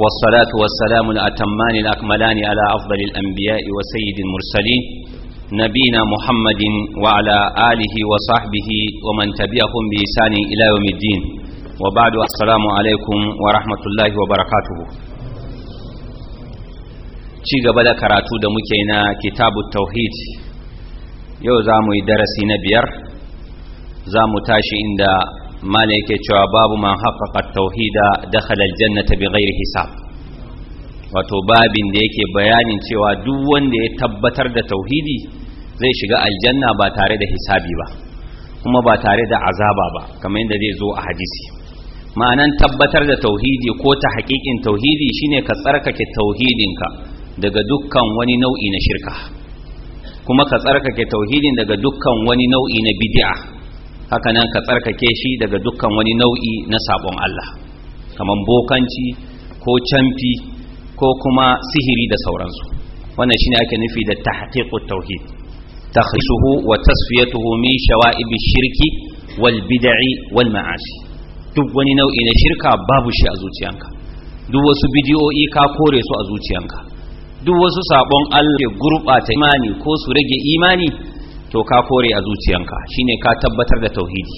والصلاة والسلام الأتمان الأكملان على أفضل الأنبياء وسيد المرسلين نبينا محمد وعلى آله وصحبه ومن تبعهم بإحسان إلى يوم الدين وبعد السلام عليكم ورحمة الله وبركاته ci gaba da karatu da muke na kitabu tauhid yau za mu yi darasi na biyar za mu tashi inda mala yake cewa babu man haqqaqa tauhida dakhala aljannata bighairi hisab wato babin da yake bayanin cewa duk wanda ya tabbatar da tauhidi zai shiga aljanna ba tare da hisabi ba kuma ba tare da azaba ba kamar yadda zai zo a hadisi ma'anan tabbatar da tauhidi ko ta hakikin tauhidi shine ka tsarkake tauhidinka daga dukkan wani nau'i na shirka kuma ka tsarkake tauhidin daga dukkan wani nau'i na bid'a haka nan ka tsarkake shi daga dukkan wani nau'i na sabon Allah kamar bokanci ko canfi ko kuma sihiri da sauransu wannan shine ake nufi da tahqiqut tauhid takhsuhu wa tasfiyatuhu min shawa'ibi shirki wal bid'i wal ma'asi duk wani nau'i na shirka babu shi a zuciyanka duk wasu bidiyoyi ka kore su a zuciyanka duk wasu sabon Allah ke gurbata imani ko su rage imani to ka kore a zuciyanka shine ka tabbatar da tauhidi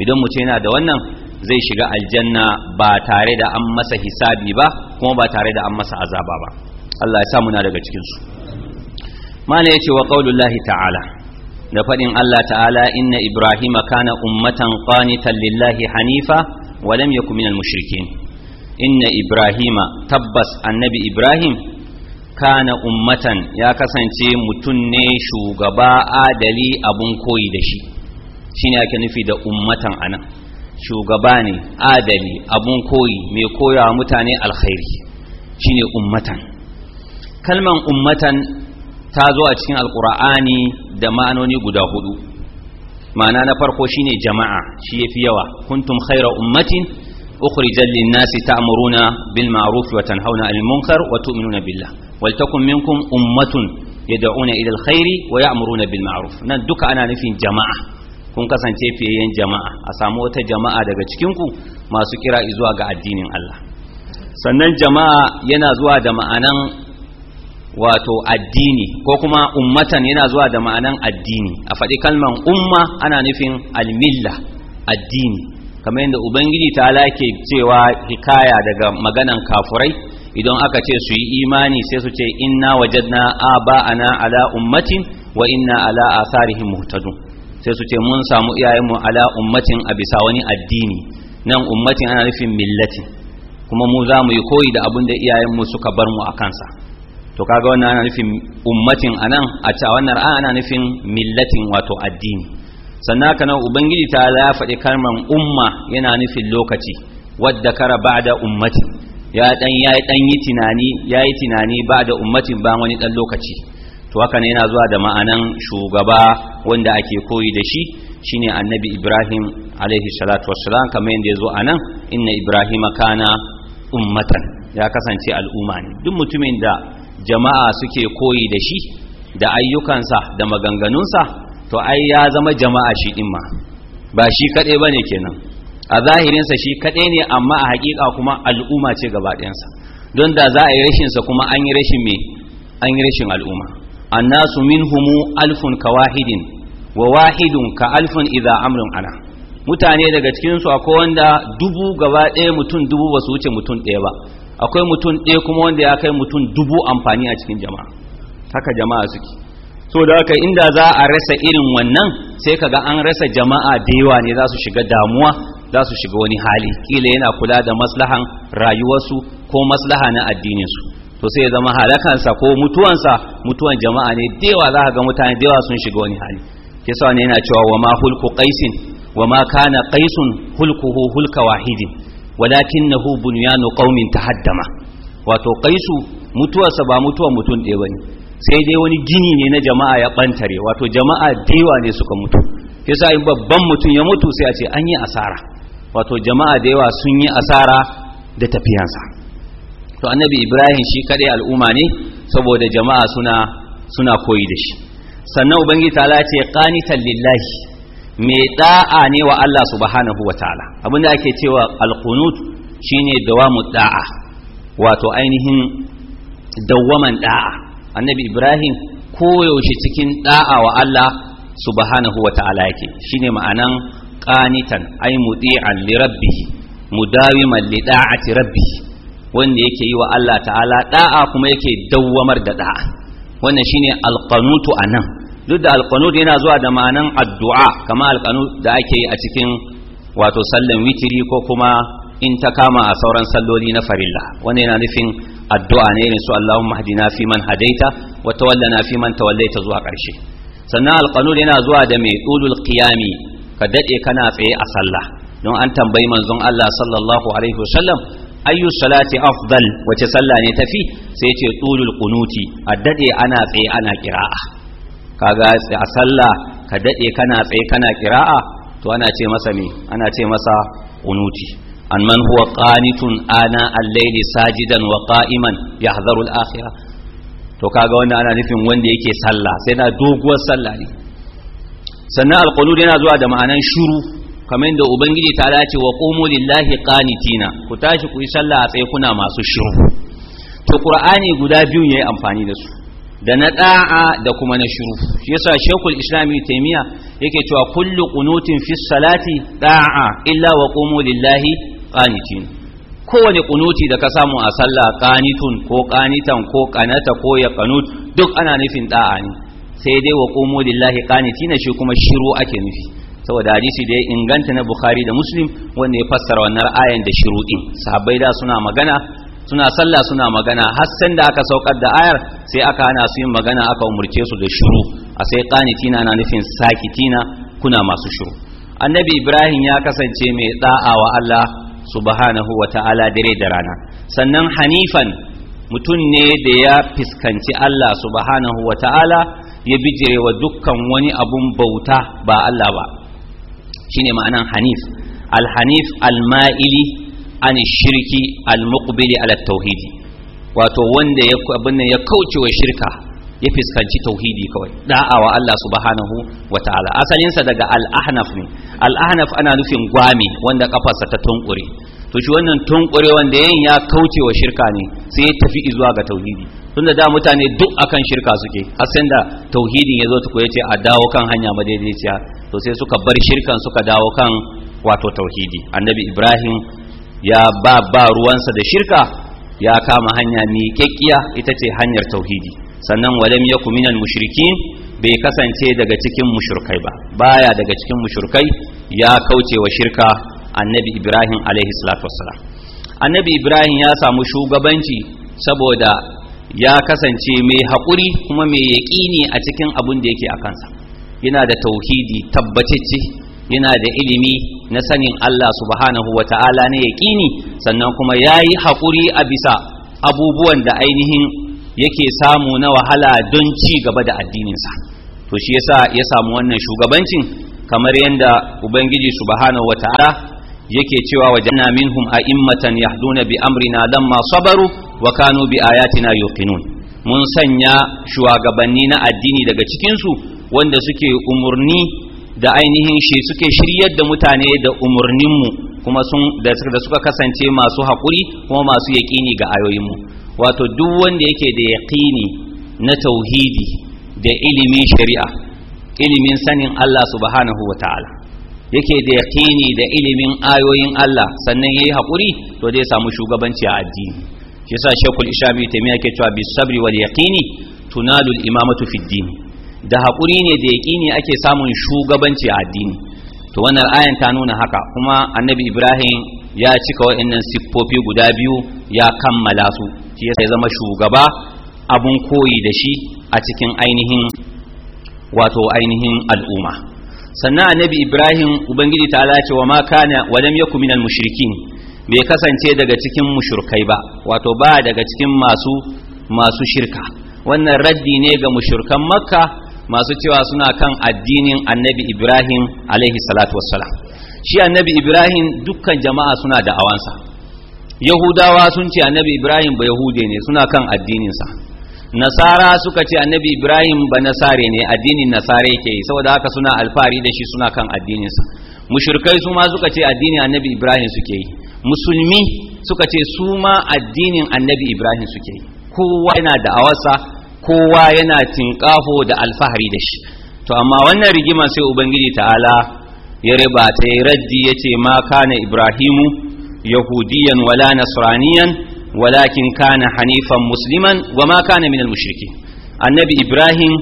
idan ce yana da wannan zai shiga aljanna ba tare da an masa hisabi ba kuma ba tare da an masa azaba ba Allah ya sa muna daga cikin su mala yace wa qaulullahi ta'ala da fadin Allah ta'ala inna ibrahima kana ummatan qanitan lillahi hanifa wa lam yakun minal mushrikin inna ibrahima tabbas annabi ibrahim kana ummatan ya kasance mutum ne shugaba adali abun koyi da shi ne ake nufi da ummatan anan shugaba ne adali abun koyi mai koya mutane alkhairi ne ummatan kalman ummatan ta zo a cikin alkur'ani da ma'anoni guda hudu ma'ana na farko shine jama'a shi yafi yawa kuntum khaira ummatin ukhrijal lin-nasi ta'muruna bil ma'ruf wa tanhauna 'anil munkar wa tu'minuna billah waltakun kun ummatun yad'una ila alkhairi wa ya'muruna bil ma'ruf nan duka ana nufin jama'a kun kasance fiyayen jama'a a samu wata jama'a daga cikin ku masu kira zuwa ga addinin Allah sannan jama'a yana zuwa da ma'anan wato addini ko kuma ummatan yana zuwa da ma'anan addini a faɗi kalman umma ana nufin almilla addini kamar yadda ubangiji ta lake cewa hikaya daga maganan kafurai idan aka ce su yi imani sai su ce inna wajadna aba'ana ala ummatin wa inna ala atharihim muhtadun sai su ce mun samu iyayenmu ala ummatin a bisa wani addini nan ummatin ana nufin millati kuma mu za mu yi koyi da abin da iyayenmu suka bar mu a kansa to kaga wannan ana nufin ummatin anan a ta wannan ana nufin millatin wato addini sannan haka nan ubangiji ta ya faɗi kalmar umma yana nufin lokaci wadda kara ba'da ummatin ya dan yayi dan yi tunani yayi tunani ba da ummatin ba wani dan lokaci to haka ne yana zuwa da ma'anan shugaba wanda ake koyi da shi shine annabi ibrahim alaihi salatu wassalam kamar yadda ya zo a nan inna Ibrahim kana ummatan ya kasance al'umma ne duk mutumin da jama'a suke koyi da shi da ayyukansa da maganganunsa to ai ya zama jama'a shi din ma ba shi kaɗai ba ne kenan a zahirinsa shi kaɗai ne amma a haƙiƙa kuma al'umma ce gaba don da za a yi rashinsa kuma an yi rashin me an yi rashin al'umma min humu alfun ka wahidin wa wahidun ka alfun idza amrun ana mutane daga cikinsu akwai wanda dubu gaba ɗaya mutum dubu ba su wuce mutum ɗaya ba akwai mutum ɗaya kuma wanda ya kai mutum dubu amfani a cikin jama'a haka jama'a suke so da haka inda za a rasa irin wannan sai kaga an rasa jama'a da yawa ne za su shiga damuwa za su shiga wani hali kila yana kula da maslahan rayuwarsu ko maslaha na addininsu to sai ya zama halakansa ko mutuwansa mutuwan jama'a ne dewa za ka ga mutane dewa sun shiga wani hali kisa ne yana cewa wa ma hulku qaisin wa ma kana qaisun hulkuhu hulka wahidin walakinahu bunyanu qaumin tahaddama wato qaisu mutuwarsa ba mutuwar mutum ɗaya bane sai dai wani gini ne na jama'a ya bantare wato jama'a dewa ne suka mutu yasa in babban mutum ya mutu sai a ce an yi asara wato jama'a da yawa sun yi asara da tafiyansa to annabi ibrahim shi kadai al'umma ne saboda jama'a suna suna koyi da shi sannan ubangiji ta'ala ce qanitan lillahi mai da'a ne wa Allah subhanahu wataala abinda ake cewa alqunut shine dawamu da'a wato ainihin dawaman da'a annabi ibrahim koyaushe cikin da'a wa Allah subhanahu ta'ala yake shine ma'anan qanitan ay muti'an li rabbih mudawiman li da'ati rabbih wanda yake yi wa Allah ta'ala da'a kuma yake dawwamar da da'a wannan shine a anan duk da alqanut yana zuwa da ma'anan addu'a kama alqanut da ake yi a cikin wato sallan witiri ko kuma in ta kama a sauran salloli na farilla wanda yana nufin addu'a ne ne su Allahumma hadina fi man hadaita wa tawallana fi man tawallaita zuwa ƙarshe sannan alqanut yana zuwa da mai qulul qiyami ka daɗe kana tsaye a sallah don an tambayi manzon Allah sallallahu alaihi wasallam ayyu salati afdal wace sallah ne tafi sai ce tulul qunuti a daɗe ana tsaye ana kira'a kaga a sallah ka daɗe kana tsaye kana kira'a to ana ce masa me ana ce masa qunuti an man huwa qanitun ana al-layli sajidan wa qa'iman yahdharu al-akhirah to kaga wanda ana nufin wanda yake sallah sai na doguwar sallah ne sannan alqulud yana zuwa da ma'anan shuru kamar yadda ubangiji ta dace wa ƙomo lillahi ƙanitina ku tashi ku yi sallah a tsaye kuna masu shuru to qur'ani guda biyun ya yi amfani da su da na ɗa'a da kuma na shuru shi yasa shekul islami taimiya yake cewa kullu qunutin fi salati ɗa'a illa wa ƙomo lillahi qanitin kowane kunuti da ka samu a sallah ƙanitun ko ƙanitan ko ƙanata ko ya ƙanut duk ana nufin ɗa'a ne sai dai wa qumu lillahi shi kuma shiru ake nufi saboda hadisi da ya inganta na bukhari da muslim wanda ya fassara wannan ayan da shiru din sahabbai da suna magana suna sallah suna magana har san da aka saukar da ayar sai aka hana su yin magana aka umurce su da shiru a sai qanitina na nufin sakitina kuna masu shiru annabi ibrahim ya kasance mai da'a wa Allah subhanahu wa ta'ala dare da rana sannan hanifan mutum ne da ya fuskanci Allah subhanahu wa ta'ala ya bijire wa dukkan wani abun bauta ba Allah ba shine ma'anan hanif alhanif alma'ili an shirki almuqbili ala tauhidi wato wanda ya abin ya kauce wa shirka ya fiskanci tauhidi kawai wa Allah subhanahu ta'ala asalinsa daga al-ahnaf ne al-ahnaf ana nufin gwami wanda kafarsa ta tunkure to shi wannan tunkure da yayin ya kauce wa shirka ne sai ya tafi zuwa ga tauhidi tunda da mutane duk akan shirka suke har sai da tauhidin ya zo tuku yace a dawo kan hanya madaidaiciya to sai suka bar shirkan suka dawo kan wato tauhidi annabi ibrahim ya ba ba ruwansa da shirka ya kama hanya kekkiya ita ce hanyar tauhidi sannan walam yakum minal mushrikin bai kasance daga cikin mushrikai ba baya daga cikin mushrikai ya kauce wa shirka annabi ibrahim alaihi salatu wassalam annabi ibrahim ya samu shugabanci saboda ya kasance mai haƙuri kuma mai yaƙini a cikin abin da yake a kansa yana da tauhidi tabbacicci yana da ilimi na sanin Allah subhanahu wa ta'ala na yaƙini sannan kuma ya yi haƙuri a bisa abubuwan da ainihin yake samu na wahala don ci gaba da addininsa to shi yasa ya samu wannan shugabancin kamar yadda ubangiji subhanahu wa ta'ala yake cewa wa janna minhum a'immatan yahduna bi amrina lamma sabaru wa kanu bi ayatina yuqinun mun sanya shugabanni na addini daga cikin su wanda suke umurni da ainihin shi suke shiryar da mutane da umurninmu kuma sun da suka kasance masu haƙuri kuma masu yaƙini ga ayoyinmu wato duk wanda yake da yaƙini na tauhidi da ilimin shari'a ilimin sanin Allah subhanahu wa yake da yaqini da ilimin ayoyin Allah sannan yayi hakuri to zai samu shugabanci a addini shi yasa shekul ishami miya ke cewa bis sabri wal yaqini tunalu al imamatu fi din da hakuri ne da yaqini ake samun shugabanci a addini to wannan ayan ta nuna haka kuma annabi ibrahim ya cika wa'annan siffofi guda biyu ya kammala su shi yasa ya zama shugaba abun koyi da shi a cikin ainihin wato ainihin al'umma sannan annabi ibrahim ubangiji ta ce wa ma kana wa lam yakun minal mushrikin bai kasance daga cikin mushrikai ba wato ba daga cikin masu masu shirka wannan raddi ne ga mushrikan makka masu cewa suna kan addinin annabi ibrahim alaihi salatu wassalam shi annabi ibrahim dukkan jama'a suna da awansa yahudawa sun ce annabi ibrahim ba yahude ne suna kan addininsa nasara suka ce annabi ibrahim ba nasare ne addinin nasare yake yi saboda haka suna alfahari da shi suna kan addininsa mushrikai su ma suka ce addinin annabi ibrahim suke yi musulmi suka ce su ma addinin annabi ibrahim suke yi kowa yana da awasa kowa yana tinkafo da alfahari da shi to amma wannan rigimar sai ubangiji ta'ala ya riba ta yi raddi ya ce ma kana ibrahimu yahudiyan wala nasraniyan walakin kana hanifan musliman wa kana minal mushriki annabi ibrahim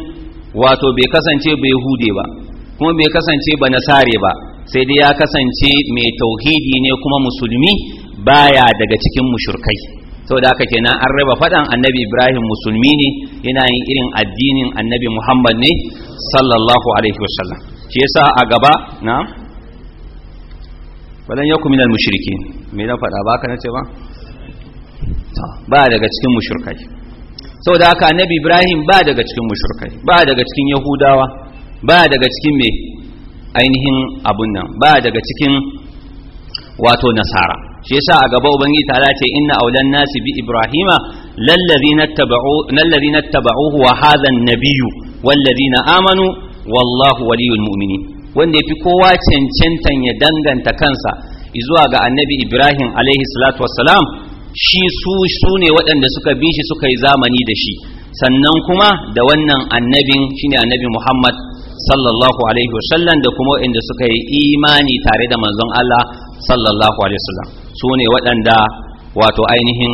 wato bai kasance bai hude ba kuma bai kasance ba nasare ba sai dai ya kasance mai tauhidi ne kuma musulmi baya daga cikin mushrikai saboda haka kenan an raba fadan annabi ibrahim musulmi ne yana yin irin addinin annabi muhammad ne sallallahu alaihi wasallam shi yasa a gaba na walan yakum minal mushrikin me na faɗa ba ka nace ba ba daga cikin mushrikai saboda haka annabi ibrahim ba daga cikin mushrikai ba daga cikin yahudawa ba daga cikin me ainihin abun nan ba daga cikin wato nasara shi yasa a gaba ubangiji ta ce inna aulan nasi bi ibrahima lallazina tabau lallazina tabauhu wa hadha an-nabiyyu na amanu wallahu waliyul mu'minin wanda ya fi kowa cancantan ya danganta kansa zuwa ga annabi ibrahim alaihi salatu wassalam shi su su ne waɗanda suka bin shi suka yi zamani da shi sannan kuma da wannan annabin shine annabi Muhammad sallallahu alaihi wasallam da kuma waɗanda suka yi imani tare da manzon Allah sallallahu alaihi wasallam su ne waɗanda wato ainihin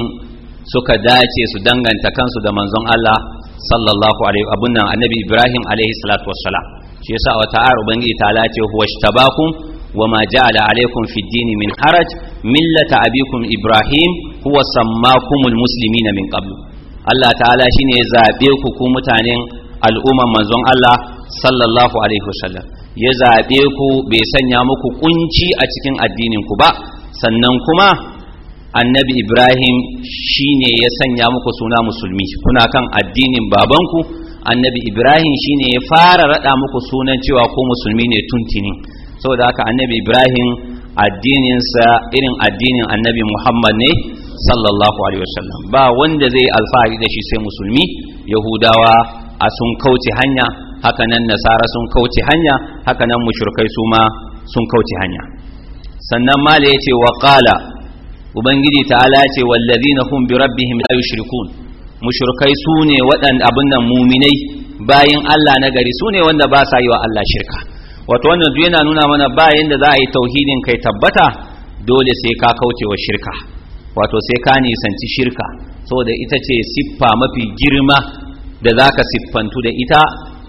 suka dace su danganta kansu da manzon Allah sallallahu alaihi abun nan annabi Ibrahim alaihi salatu wassalam shi yasa wa ta'ala ubangiji ta lace huwa ishtabakum wa ma ja'ala alaikum fid dini min haraj millata abikum ibrahim huwa sammakumul na min qablu Allah ta'ala shine ya zabe ku ku mutanen al'umman manzon Allah sallallahu alaihi wasallam ya zabe ku bai sanya muku kunci a cikin addinin ku ba sannan kuma annabi ibrahim shine ya sanya muku suna musulmi kuna kan addinin babanku annabi ibrahim shine ya fara rada muku sunan cewa ko musulmi ne tuntini saboda haka annabi ibrahim addininsa irin addinin annabi muhammad ne sallallahu alaihi wasallam ba wanda zai alfahari da shi sai musulmi yahudawa a sun kauce hanya haka nan nasara sun kauce hanya haka nan mushrikai su ma sun kauce hanya sannan mala ya wa qala ubangiji ta'ala ce wallazina hum bi rabbihim la yushrikun mushrikai su ne waɗanda abin nan muminai bayin Allah na gari su ne wanda ba sa yi wa Allah shirka wato wannan duk yana nuna mana ba yanda za a yi tauhidin kai tabbata dole sai ka kauce wa shirka wato sai ka nisanci shirka saboda ita ce siffa mafi girma da za ka siffantu da ita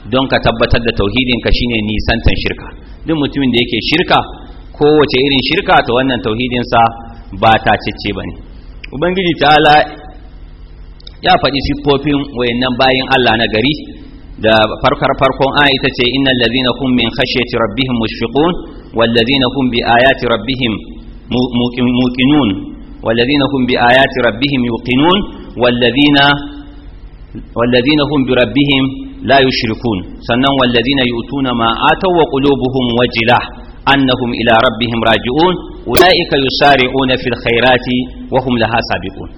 don ka tabbatar da tauhidin ka shine nisantan shirka duk mutumin da yake shirka kowace irin shirka ta wannan tauhidin sa ba ta cece bane ubangiji ta'ala ya faɗi siffofin wayannan bayin Allah na gari da farkar farkon aya ita ce innal ladhina hum min khashyati rabbihim mushfiqun wal ladhina hum bi ayati rabbihim muqinun wal ladina hum bi ayati rabbihim yuqinun wal ladhina wal ladhina hum bi rabbihim la yushrikun sannan wal ladhina yu'tuna ma ataw wa qulubuhum wajilah annahum ila rabbihim raji'un ulaika yusari'una fil khairati wa hum laha sabiqun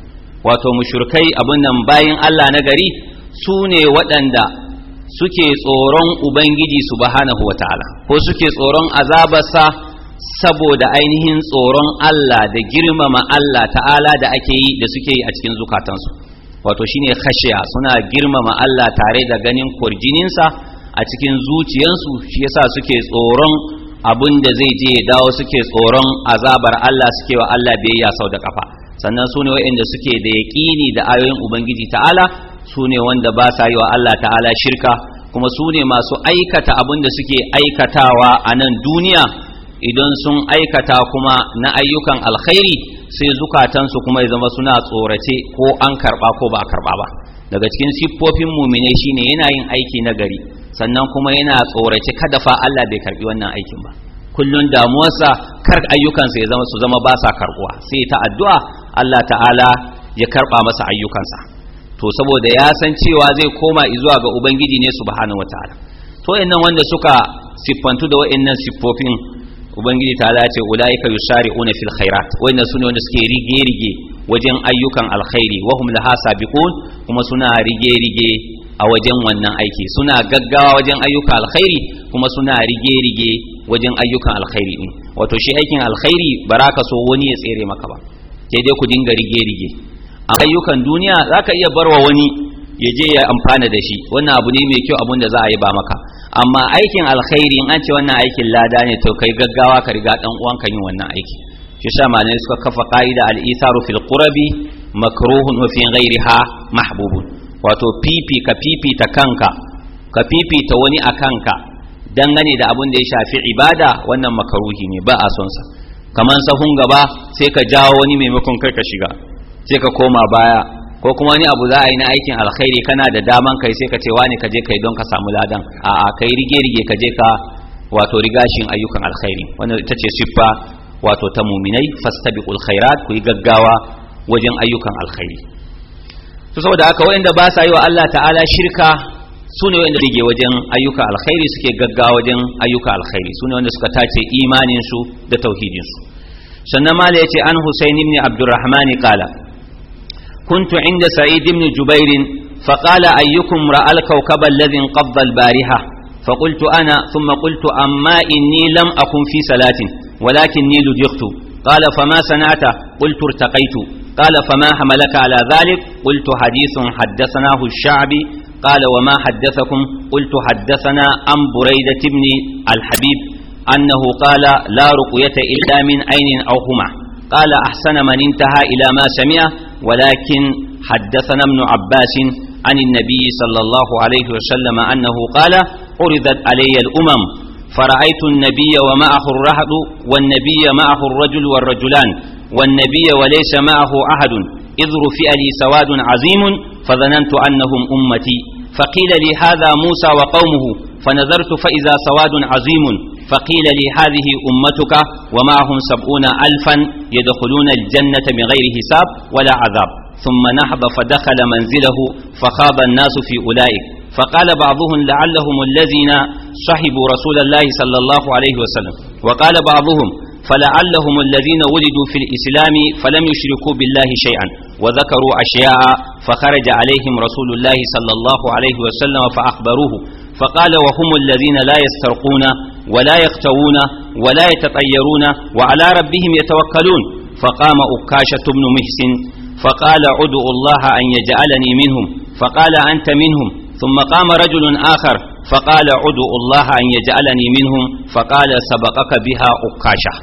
wato mushrikai abun nan bayin Allah na gari su ne waɗanda suke tsoron ubangiji subhanahu ta'ala ko suke tsoron azabarsa saboda ainihin tsoron Allah da girmama Allah ta'ala da ake yi da suke yi a cikin zukatansu wato shine kashiya suna girmama Allah tare da ganin kwarjininsa a cikin zuciyansu shi yasa suke tsoron abin da zai je ya dawo suke tsoron azabar Allah suke wa Allah biyayya sau da kafa sannan su ne waɗanda suke da yaƙini da ayoyin ubangiji ta'ala su ne wanda ba sa yi wa Allah ta'ala shirka kuma su ne masu aikata abin da suke aikatawa a nan duniya idan sun aikata kuma na ayyukan alkhairi sai zukatansu kuma ya zama suna tsorace ko an karba ko ba a karba ba daga cikin siffofin mumine shine yana yin aiki na gari sannan kuma yana tsorace kada fa Allah bai karbi wannan aikin ba kullun damuwarsa kar ayyukansa ya zama su zama ba sa karbuwa sai ta addu'a Allah ta'ala ya karba masa ayyukansa to saboda ya san cewa zai koma zuwa ga ubangiji ne subhanahu wataala to innan wanda suka siffantu da wa'annan siffofin ubangiji ta dace ulaika yusari'una fil khairat wa'annan sune wanda suke rige rige wajen ayyukan alkhairi wa hum laha sabiqun kuma suna rige rige a wajen wannan aiki suna gaggawa wajen ayyukan alkhairi kuma suna rige rige wajen ayyukan alkhairi din wato shi aikin alkhairi baraka so wani ya tsere maka ba sai dai ku dinga rige rige a ayyukan duniya zaka iya barwa wani ya je ya amfana da shi wannan abu ne mai kyau abun da za a yi ba maka amma aikin alkhairi in an ce wannan aikin lada ne to kai gaggawa ka riga dan ka yin wannan aiki shi sa suka kafa ka'ida al-isaru fil qurabi makruhun wa fi ghairiha mahbubun wato pipi ka pipi ta kanka ka pipi ta wani a kanka dangane da abun da ya shafi ibada wannan makaruhi ne ba a son sa kaman sahun gaba sai ka jawo wani maimakon kai ka shiga sai ka koma baya ko kuma wani abu za a yi na aikin alkhairi kana da daman kai sai ka ce wani ka je kai don ka samu ladan a'a kai rige rige ka je ka wato rigashin ayyukan alkhairi wannan ita ce siffa wato ta muminai fastabiqul khairat ku gaggawa wajen ayyukan alkhairi to saboda haka waɗanda ba sa yi wa Allah ta'ala shirka su ne waɗanda rige wajen ayyuka alkhairi suke gaggawa wajen ayyuka alkhairi su ne wanda suka tace imaninsu da tauhidinsu sannan mala ya ce an husaini ibn abdurrahmani qala كنت عند سعيد بن جبير فقال أيكم رأى الكوكب الذي انقض البارحة فقلت أنا ثم قلت أما إني لم أكن في صلاة ولكني لدغت قال فما صنعت قلت ارتقيت قال فما حملك على ذلك قلت حديث حدثناه الشعبي قال وما حدثكم قلت حدثنا عن بريدة بن الحبيب أنه قال لا رقية إلا من أين أو هما قال أحسن من انتهى إلى ما سمع ولكن حدثنا ابن عباس عن النبي صلى الله عليه وسلم أنه قال عرضت علي الأمم فرأيت النبي ومعه الرهد والنبي معه الرجل والرجلان والنبي وليس معه أحد إذ رفئ لي سواد عظيم فظننت أنهم أمتي فقيل لي هذا موسى وقومه فنظرت فإذا سواد عظيم فقيل لي هذه أمتك ومعهم سبعون ألفا يدخلون الجنة بغير حساب ولا عذاب ثم نهض فدخل منزله فخاض الناس في أولئك فقال بعضهم لعلهم الذين صحبوا رسول الله صلى الله عليه وسلم وقال بعضهم فلعلهم الذين ولدوا في الإسلام فلم يشركوا بالله شيئا وذكروا أشياء فخرج عليهم رسول الله صلى الله عليه وسلم فأخبروه فقال وهم الذين لا يسترقون ولا يختوون ولا يتطيرون وعلى ربهم يتوكلون فقام أكاشة بن محسن فقال عدوا الله أن يجعلني منهم فقال أنت منهم ثم قام رجل آخر فقال عدوا الله أن يجعلني منهم فقال سبقك بها أكاشة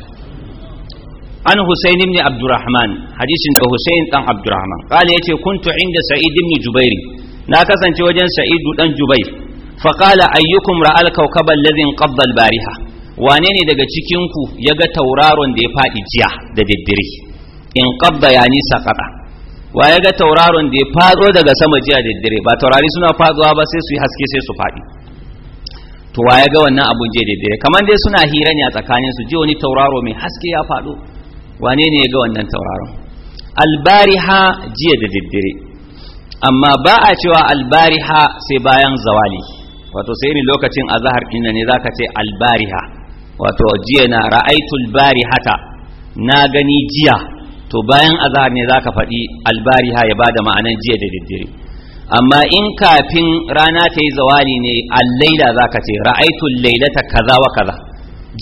عن حسين بن عبد الرحمن حديث حسين بن عبد الرحمن قال يتي كنت عند سعيد بن جبير لا كسنت وجن سعيد بن جبير faƙala ayyukum ra'al kaukabal ladhin qabda bariha wane ne daga cikinku ya ga tauraron da ya faɗi jiya da daddare in ya nisa saqata wa ya ga tauraron da ya faɗo daga sama jiya da daddare ba taurari suna faɗuwa ba sai su yi haske sai su faɗi to wa ya ga wannan abun jiya da daddare kamar dai suna hira ne a tsakanin su ji wani tauraro mai haske ya faɗo wane ne ya ga wannan tauraron albariha jiya da daddare amma ba a cewa albariha sai bayan zawali wato sai ni lokacin azhar din ne zaka ce albariha wato jiya na ra'aitul barihata na gani jiya to bayan azhar ne zaka faɗi albariha ya bada ma'anan jiya da daddare amma in kafin rana ta yi zawali ne al-laila zaka ce ra'aitul lailata kaza wa kaza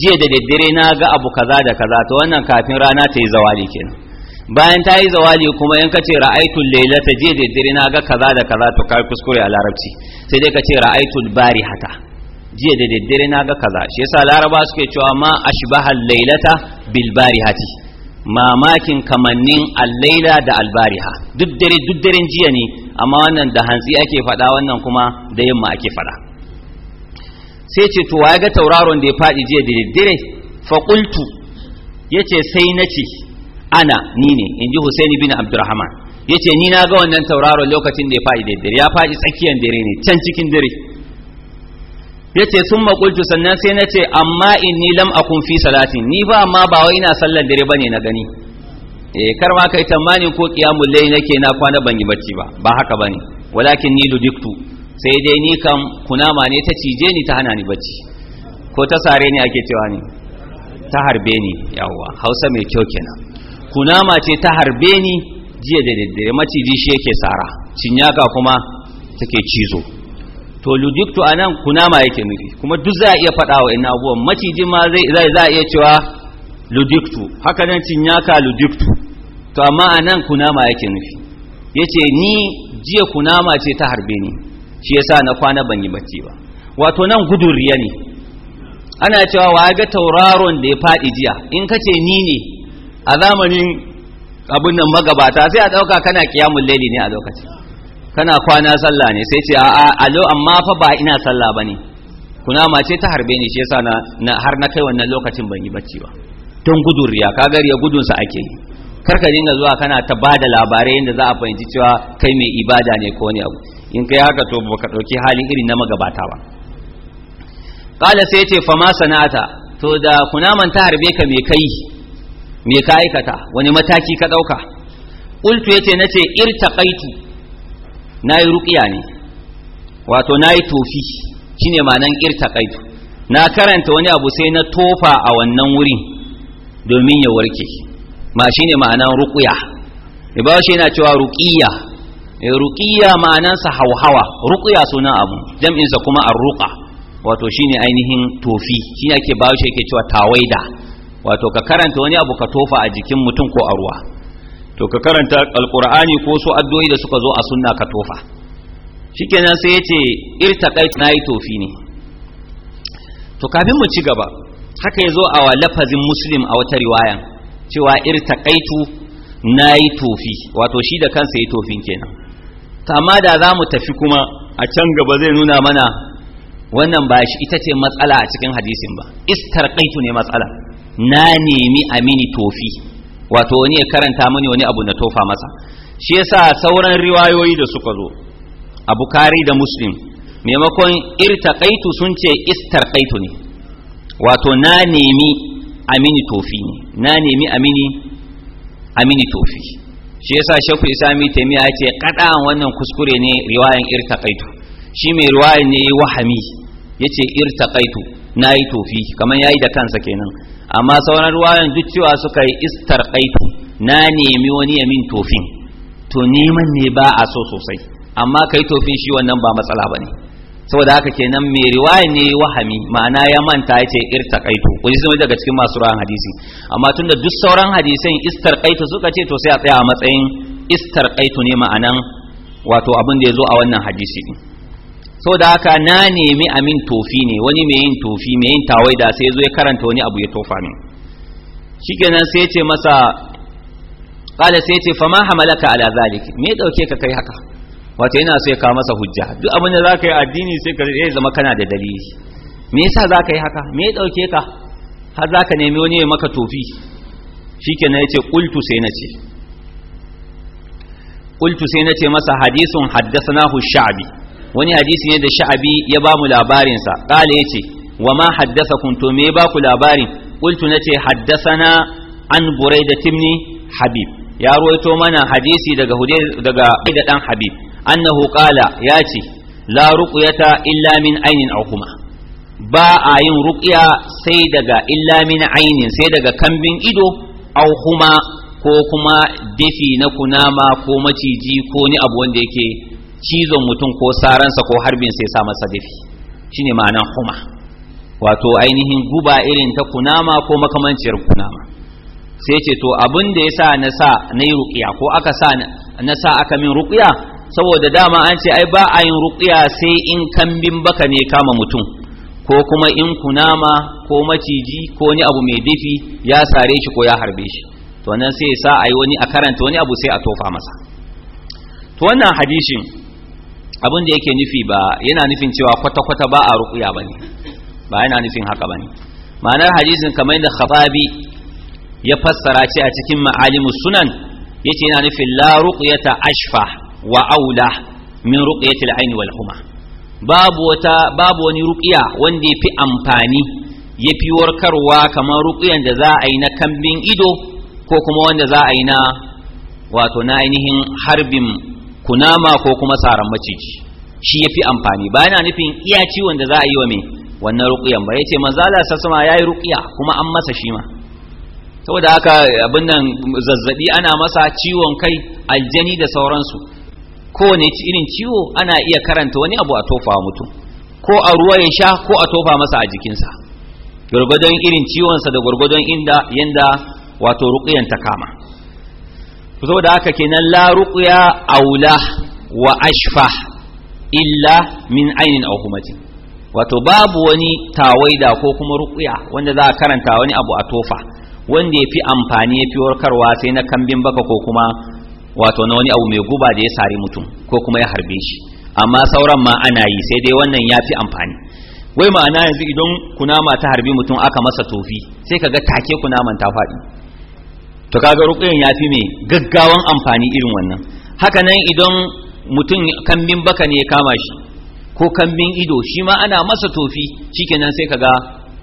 jiya da daddare na ga abu kaza da kaza to wannan kafin rana ta yi zawali kenan bayan ta yi zawali kuma in ka ce ra'aitul ta je da na ga kaza da kaza to kai kuskure a larabci sai dai ka ce ra'aitul bari hata jiya da daddare na ga kaza shi yasa laraba suke cewa ma ashbaha lailata bil hati mamakin kamannin al da Albariha bariha duk dare duk daren jiya ne amma wannan da hantsi ake faɗa wannan kuma da yamma ake faɗa sai ce to waye ga tauraron da ya faɗi jiya da daddare fa qultu yace sai nace ana ni ne in ji husaini bin abdurrahman ya ce ni na ga wannan tauraron lokacin da ya faɗi dare ya faɗi tsakiyar dare ne can cikin dare ya ce sun makultu sannan sai na ce amma in ni lam akun fi salatin ni ba amma ba wai ina sallar dare bane na gani eh kar ma kai tamanin ko qiyamul layl nake na kwana ban yi bacci ba ba haka bane walakin ni ludiktu sai dai ni kam kunama ne ta cije ni ta hana ni bacci ko ta sare ni ake cewa ni ta harbe ni yawwa hausa mai kyau kenan kunama ce ta harbe ni jiya da daddare maciji shi yake sara cinyaka kuma take cizo to ludiktu anan kunama yake nufi kuma duk za a iya faɗa wa ina abubuwan maciji ma zai za a iya cewa ludiktu haka nan cinyaka ludiktu to amma anan kunama yake nufi yace ni jiya kunama ce ta harbe ni shi yasa na kwana ban yi bacci ba wato nan gudun riya ne ana cewa wa ga tauraron da ya faɗi jiya in kace ni ne a zamanin abin nan magabata sai a dauka kana kiyamul laili ne a lokaci kana kwana sallah ne sai ce a'a alo amma fa ba ina sallah bane kuna ma ce ta harbe ni shi yasa na har na kai wannan lokacin ban yi bacci ba tun gudun riya ka gari ya gudun sa ake yi karka dinga zuwa kana ta bada labarai yadda za a fahimci cewa kai mai ibada ne ko ne abu in kai haka to baka dauki hali irin na magabata ba kala sai ce fa ma sana'ata to da kunaman ta harbe ka me kai me ka aikata wani mataki ka ɗauka ƙultu ya ce na ce irtaƙaitu na yi ne wato na yi tofi shi ne manan irtaƙaitu na karanta wani abu sai na tofa a wannan wuri domin ya warke ma shi ne ma'anan ruƙiya shi yana cewa ruƙiya eh, ruƙiya ma'anansa hauhawa ruƙiya sunan abu jam'insa kuma arruƙa wato shine ainihin tofi shine ake bawo shi yake cewa tawaida wato ka karanta wani abu ka tofa a jikin mutum ko a ruwa to ka karanta alkur'ani ko su addu'o'i da suka zo a sunna ka tofa shikenan sai yace irtaqait nayi tofi ne to kafin mu ci gaba haka yazo a wa lafazin muslim a wata riwaya cewa irtaqaitu nayi tofi wato shi da kansa yayi tofin kenan to amma da zamu tafi kuma a can gaba zai nuna mana wannan ba shi ita ce matsala a cikin hadisin ba istarqaitu ne matsala na nemi a mini tofi wato wani ya karanta mani wani abu na tofa masa shi yasa sauran riwayoyi da suka zo a bukari da muslim maimakon irtaqaitu sun ce kaitu ne wato na nemi a mini tofi ne na nemi a mini a mini tofi shi yasa shafi isami taimi ya ce kadan wannan kuskure ne riwayan irtaqaitu shi mai riwayan ne wahami yace irtaqaitu nayi tofi kamar yayi da kansa kenan amma sauran ruwayan duk cewa suka yi istar kaitu na nemi wani ya min tofin to neman ne ba a so sosai amma kai tofin shi wannan ba matsala bane saboda haka kenan mai riwaya ne wahami ma'ana ya manta ya ce irta irtaqaitu kuji sun daga cikin masu ruwan hadisi amma tun da duk sauran hadisan kaitu suka ce to sai a tsaya a matsayin istar kaitu ne ma'anan wato abin da ya zo a wannan hadisi din so da haka na nemi amin tofi ne wani mai yin tofi mai yin tawaida sai zo ya karanta wani abu ya tofa min shikenan sai ya ce masa kala sai ya ce fama hamalaka ala zaliki me dauke ka kai haka wato yana so ya kawo masa hujja duk abin da zaka yi addini sai ka zama kana da dalili me yasa zaka yi haka me dauke ka har zaka nemi wani ya maka tofi shikenan ya ce qultu sai na ce qultu sai na ce masa hadisun haddathanahu sha'bi wani hadisi ne da sha'abi ya ba mu labarin sa qala yace wa ma haddathakum to me ba ku labarin qultu nace haddathana an buraida timni habib ya ruwaito mana hadisi daga hudayr daga da dan habib annahu qala yace la ruqyata illa min ainin aw ba a yin ruqya sai daga illa min ainin sai daga kambin ido aw kuma ko kuma dafi na kunama ko maciji ko ni abu wanda yake cizon mutum ko saransa ko harbin sai sa masa dafi shine ma'anar huma wato ainihin guba irin ta kunama ko makamanciyar kunama sai ce to abin da sa na sa na yi ruqiya ko aka sa na sa aka min rukiya saboda dama an ce ai ba a yin rukiya sai in kambin baka ne kama mutum ko kuma in kunama ko maciji ko wani abu mai dafi ya sare shi ko ya harbe shi to nan sai sa a yi wani a karanta wani abu sai a tofa masa to wannan hadisin abin da yake nufi ba yana nufin cewa kwata-kwata ba a rukuya ba ne ba yana nufin haka ba ne ma'anar hadisin kamar da khababi ya fassara ce a cikin ma'alimu sunan ya ce yana nufin la ruqyata ashfa wa aula min ruqyatil aini wal huma babu wata babu wani ruqya wanda yafi amfani yafi warkarwa kamar rukuyan da za a yi na kambin ido ko kuma wanda za a yi na wato na ainihin harbin kunama ko kuma saran maciji shi yafi amfani ba yana nufin iya ciwon da za a yi wa me wannan ruqiyan ba yace manzo Allah sassama yayi ruqiya kuma an masa shi ma saboda haka abin nan zazzabi ana masa ciwon kai aljani da sauransu kowane irin ciwo ana iya karanta wani abu a tofa mutum ko a ruwa ya sha ko a tofa masa a jikinsa gwargwadon irin ciwonsa da gwargwadon inda yanda wato ruqiyan ta kama saboda haka kenan la ruqya aula wa ashfa illa min ainin aw wato babu wani tawaida ko kuma ruqya wanda za a karanta wani abu a tofa wanda yafi amfani yafi warkarwa sai na kambin baka ko kuma wato na wani abu mai guba da ya sari mutum ko kuma ya harbe shi amma sauran ma ana yi sai dai wannan yafi amfani wai ma'ana yanzu idan kunama ta harbi mutum aka masa tofi sai kaga take kunaman ta faɗi to kaga ruqyan yafi fi me gaggawan amfani irin wannan haka nan idan mutum kambin baka ne ya kama shi ko kambin ido shi ma ana masa tofi shikenan sai kaga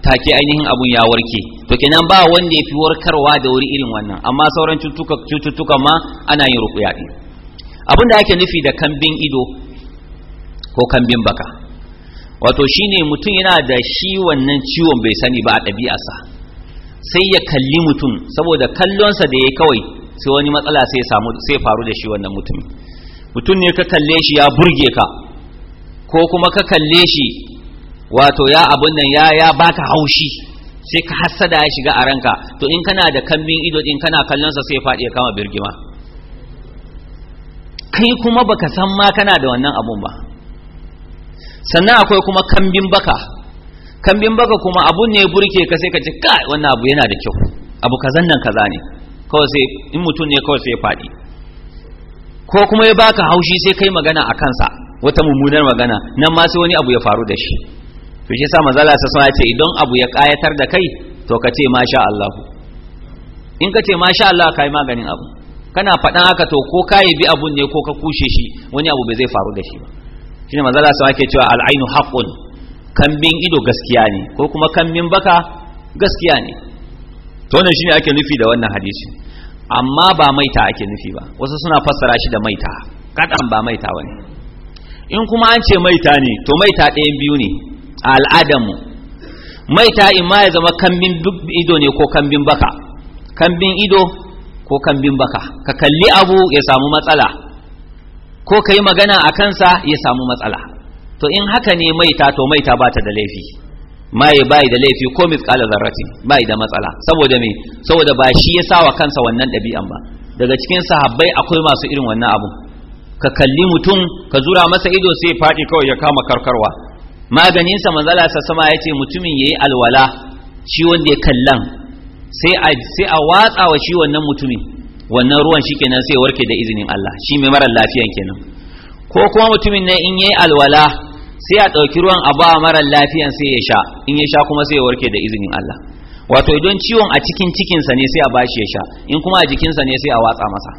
take ainihin abun ya warke to kenan ba wanda yafi warkarwa da wuri irin wannan amma sauran cututtuka ma ana yin ruqya din abin da ake nufi da kambin ido ko kambin baka wato shine mutum yana da shi wannan ciwon bai sani ba a ɗabi'arsa sai ya kalli mutum saboda kallonsa da ya kawai sai wani matsala sai samu sai faru da shi wannan mutum mutum ne ka kalle shi ya burge ka ko kuma ka kalle shi wato ya abun nan ya ya baka haushi sai ka hassada ya shiga a ranka to in kana da kambin ido din kana kallonsa sai faɗi ya kama birgima kai kuma baka san ma kana da wannan abun ba sannan akwai kuma kambin baka kambin baka kuma abun ne burke ka sai ka ce kai wannan abu yana da kyau abu kazan nan kaza ne kawai sai in mutum ne kawai sai ya fadi ko kuma ya baka haushi sai kai magana a kansa wata mummunar magana nan ma sai wani abu ya faru da shi to shi yasa manzala sa sai ce idan abu ya kayatar da kai to ka ce masha Allah in ka ce masha Allah kai maganin abu kana faɗan haka to ko ka bi abun ne ko ka kushe shi wani abu bai zai faru da shi ba shine manzala sa yake cewa al-ainu haqqun kambin ido gaskiya ne ko kuma kambin baka gaskiya ne to wannan shine ake nufi da wannan hadisi amma ba maita ake nufi ba wasu suna fassara shi da maita kadan ba maita wani in kuma an ce maita ne to maita ɗaya biyu ne a al'adamu maita in ma ya zama kambin ido ne ko kambin baka kambin ido ko kambin baka ka kalli abu ya samu matsala ko ka yi magana a kansa ya samu matsala to in haka ne maita to maita ba ta da laifi mai bai da laifi ko misqala zarratin bai da matsala saboda me saboda ba shi ya sa wa kansa wannan dabi'an ba daga cikin sahabbai akwai masu irin wannan abu ka kalli mutum ka zura masa ido sai fadi kawai ya kama karkarwa maganinsa manzala sa sama ya ce mutumin yayi alwala shi wanda ya kallan sai a watsa wa shi wannan mutumin wannan ruwan shi kenan sai warke da izinin Allah shi mai mara lafiyan kenan ko kuma mutumin ne in yayi alwala sai a ɗauki ruwan abu a ba marar lafiyan sai ya sha in ya sha kuma sai ya warke da izinin Allah wato idan ciwon a cikin cikinsa ne sai a bashi ya sha in kuma a jikinsa ne sai a watsa masa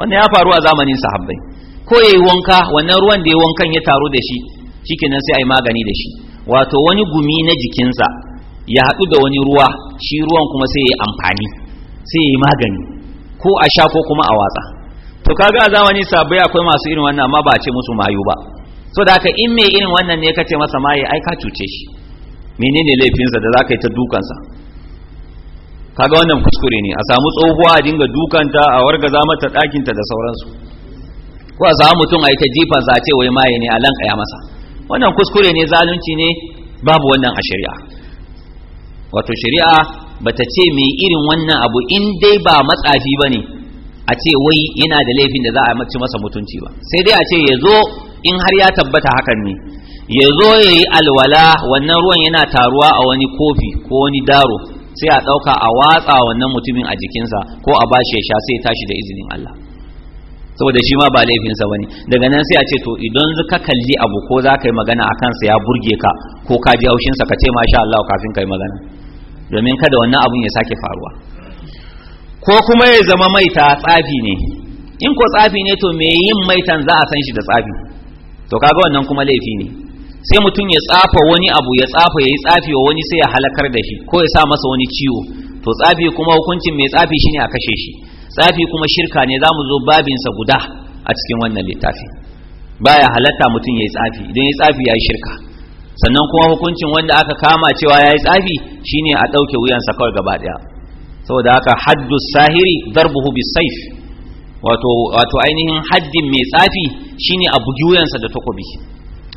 wannan ya faru a zamanin sahabbai ko yayi wanka wannan ruwan da ya wankan ya taru da shi shikenan sai a magani da shi wato wani gumi na jikinsa ya haɗu da wani ruwa shi ruwan kuma sai ya amfani sai ya magani ko a sha ko kuma a watsa to kaga a zamani sabai akwai masu irin wannan amma ba a ce musu mayu ba so da haka in mai irin wannan ne kace masa maye ai ka cuce shi menene laifinsa da za ka yi ta dukansa kaga wannan kuskure ne a samu tsohuwa a dinga dukanta a wargaza mata ɗakinta da sauransu ko a samu mutum a yi ta jifan sa ce wai maye ne a lankaya masa wannan kuskure ne zalunci ne babu wannan a shari'a wato shari'a bata ce mai irin wannan abu in dai ba matsafi bane a ce wai yana da laifin da za a mace masa mutunci ba sai dai a ce ya zo in har ya tabbata hakan ne ya zo ya yi alwala wannan ruwan yana taruwa a wani kofi ko wani daro sai a ɗauka a watsa wannan mutumin a jikinsa ko a bashi ya sha sai tashi da izinin Allah saboda shi ma ba laifinsa ba ne. daga nan sai a ce to idan ka kalli abu ko za ka yi magana a kansa ya burge ka ko ka ji haushinsa ka ce masha Allah kafin ka yi magana domin kada wannan abun ya sake faruwa ko kuma ya zama maita tsafi ne in ko tsafi ne to me yin maitan za a san shi da tsafi to kaga wannan kuma laifi ne sai mutum ya tsafa wani abu ya tsafa ya yi tsafi wa wani sai ya halakar da shi ko ya sa masa wani ciwo to tsafi kuma hukuncin mai tsafi shine a kashe shi tsafi kuma shirka ne za mu zo babinsa guda a cikin wannan littafi baya halatta mutum ya yi tsafi idan ya tsafi ya yi shirka sannan kuma hukuncin wanda aka kama cewa ya yi tsafi shine a ɗauke wuyansa kawai gaba ɗaya saboda haka haddu sahiri darbuhu bisayf wato wato ainihin haddin mai tsafi shine a bugi wuyansa da takobi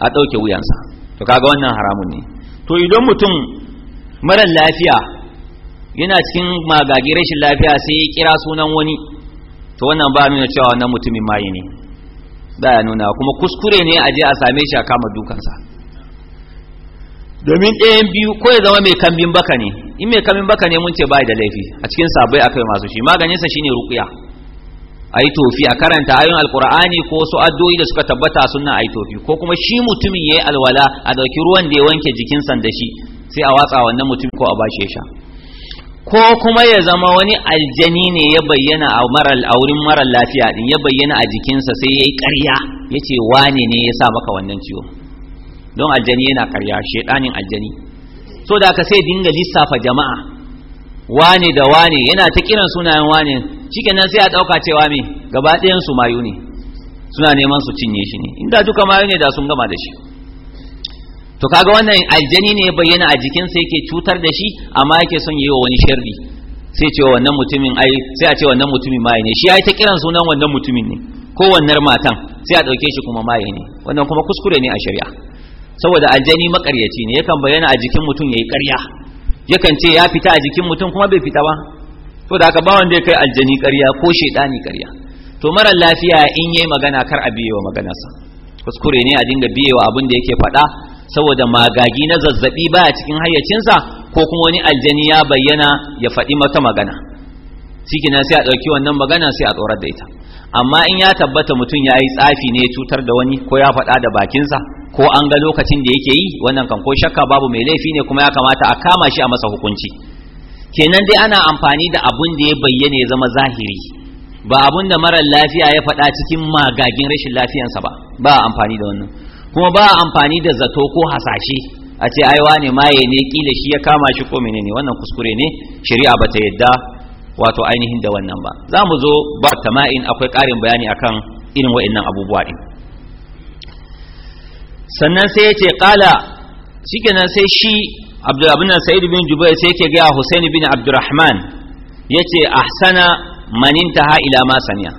a dauke wuyansa to kaga wannan haramun ne to idan mutum marar lafiya yana cikin magagi rashin lafiya sai ya kira sunan wani to wannan ba nuna cewa wannan mutumin maye ne ya nuna kuma kuskure ne a je a same shi a kama dukansa domin ɗayan biyu ko ya zama mai kambin baka ne in mai kamin baka ne mun ce bai da laifi a cikin sabai akai masu shi maganin sa shine ruqya ai tofi a karanta ayoyin alqur'ani ko su addu'o'i da suka tabbata sunna ai tofi ko kuma shi mutumin yayi alwala a dauki ruwan da ya wanke jikin san da shi sai a watsa wannan mutum ko a bashi sha ko kuma ya zama wani aljani ne ya bayyana a maral aurin maral lafiya din ya bayyana a jikinsa sai yayi ƙarya yace wane ne ya sa maka wannan ciwo don aljani yana ƙarya shedanin aljani so da aka sai dinga lissafa jama'a wane da wane yana ta kiran sunayen wane shikenan sai a dauka cewa me gaba ɗayan su mayu ne suna neman su cinye shi ne inda duka mayu ne da sun gama da shi to kaga wannan aljani ne bayyana a jikinsa yake cutar da shi amma yake son yi wa wani sharri sai ce wannan mutumin ai sai a ce wannan mutumin maye ne shi ai ta kiran sunan wannan mutumin ne ko wannan matan sai a ɗauke shi kuma maye ne wannan kuma kuskure ne a shari'a saboda aljani makaryaci ne yakan bayyana a jikin mutum yayi ƙarya yakan ce ya fita a jikin mutum kuma bai fita ba to da aka ba wanda ya kai aljani ƙarya ko shedani ƙarya to mara lafiya in yayi magana kar a biyewa maganarsa kuskure ne a dinga biyewa abin da yake faɗa saboda magagi na zazzabi baya cikin hayyacinsa ko kuma wani aljani ya bayyana ya faɗi mata magana cikina sai a ɗauki wannan magana sai a tsorar da ita amma in ya tabbata mutum ya yi tsafi ne ya cutar da wani ko ya faɗa da bakinsa ko an ga lokacin da yake yi wannan kan ko shakka babu mai laifi ne kuma ya kamata a kama shi a masa hukunci kenan dai ana amfani da abun da ya bayyana ya zama zahiri ba abun da marar lafiya ya faɗa cikin magagin rashin lafiyansa ba ba amfani da wannan kuma ba amfani da zato ko hasashe a ce ai maye ne kila shi ya kama shi ko menene wannan kuskure ne shari'a ba ta yadda wato ainihin da wannan ba za mu zo ba tama'in akwai ƙarin bayani akan irin wa'annan abubuwa din sannan sai ya ce ƙala nan sai shi abdulabin sa'id bin jubai sai yake gaya husaini bin abdurrahman ya ce ahsana maninta ha ila ma saniya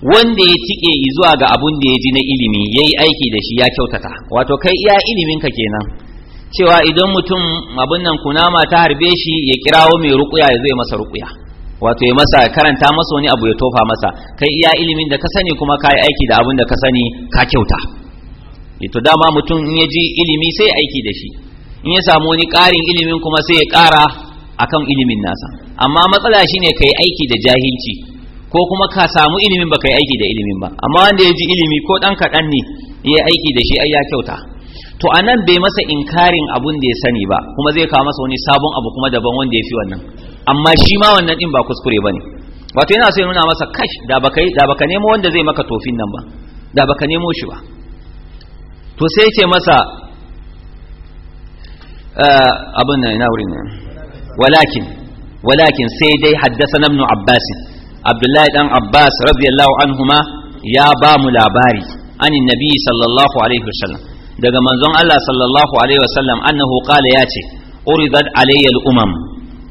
wanda ya tike zuwa ga abun da ya ji na ilimi ya yi aiki da shi ya kyautata wato kai iya iliminka kenan cewa idan mutum abin nan kunama ta harbe shi ya kirawo mai rukuya ya zai masa rukuya wato ya masa karanta masa wani abu ya tofa masa kai iya ilimin da ka sani kuma ka yi aiki da abun da ka sani ka kyauta Eh, to dama mutum in ya ji ilimi sai aiki da shi in ya samu wani ƙarin ilimin kuma sai ya ƙara akan ilimin nasa amma matsala shine ka yi aiki da jahilci ko kuma ka samu ilimin ba ka yi aiki da ilimin ba amma wanda ya ji ilimi ko ɗan kaɗan ne ya aiki da shi ai ya kyauta to a nan bai masa inkarin abun da ya sani ba kuma zai kawo masa wani sabon abu kuma daban wanda yafi wannan amma shi ma wannan din ba kuskure ba ne wato yana so ya nuna masa kash da baka nemo wanda zai maka tofin nan ba da baka nemo shi ba to sai ce masa eh, abin na ina wurin ne walakin walakin sai dai haddasa na ibn abbas abdullahi dan abbas radiyallahu anhuma ya ba mu labari an nabi sallallahu alaihi wasallam daga manzon Allah sallallahu alaihi wasallam annahu qala ya ce uridat alayya al-umam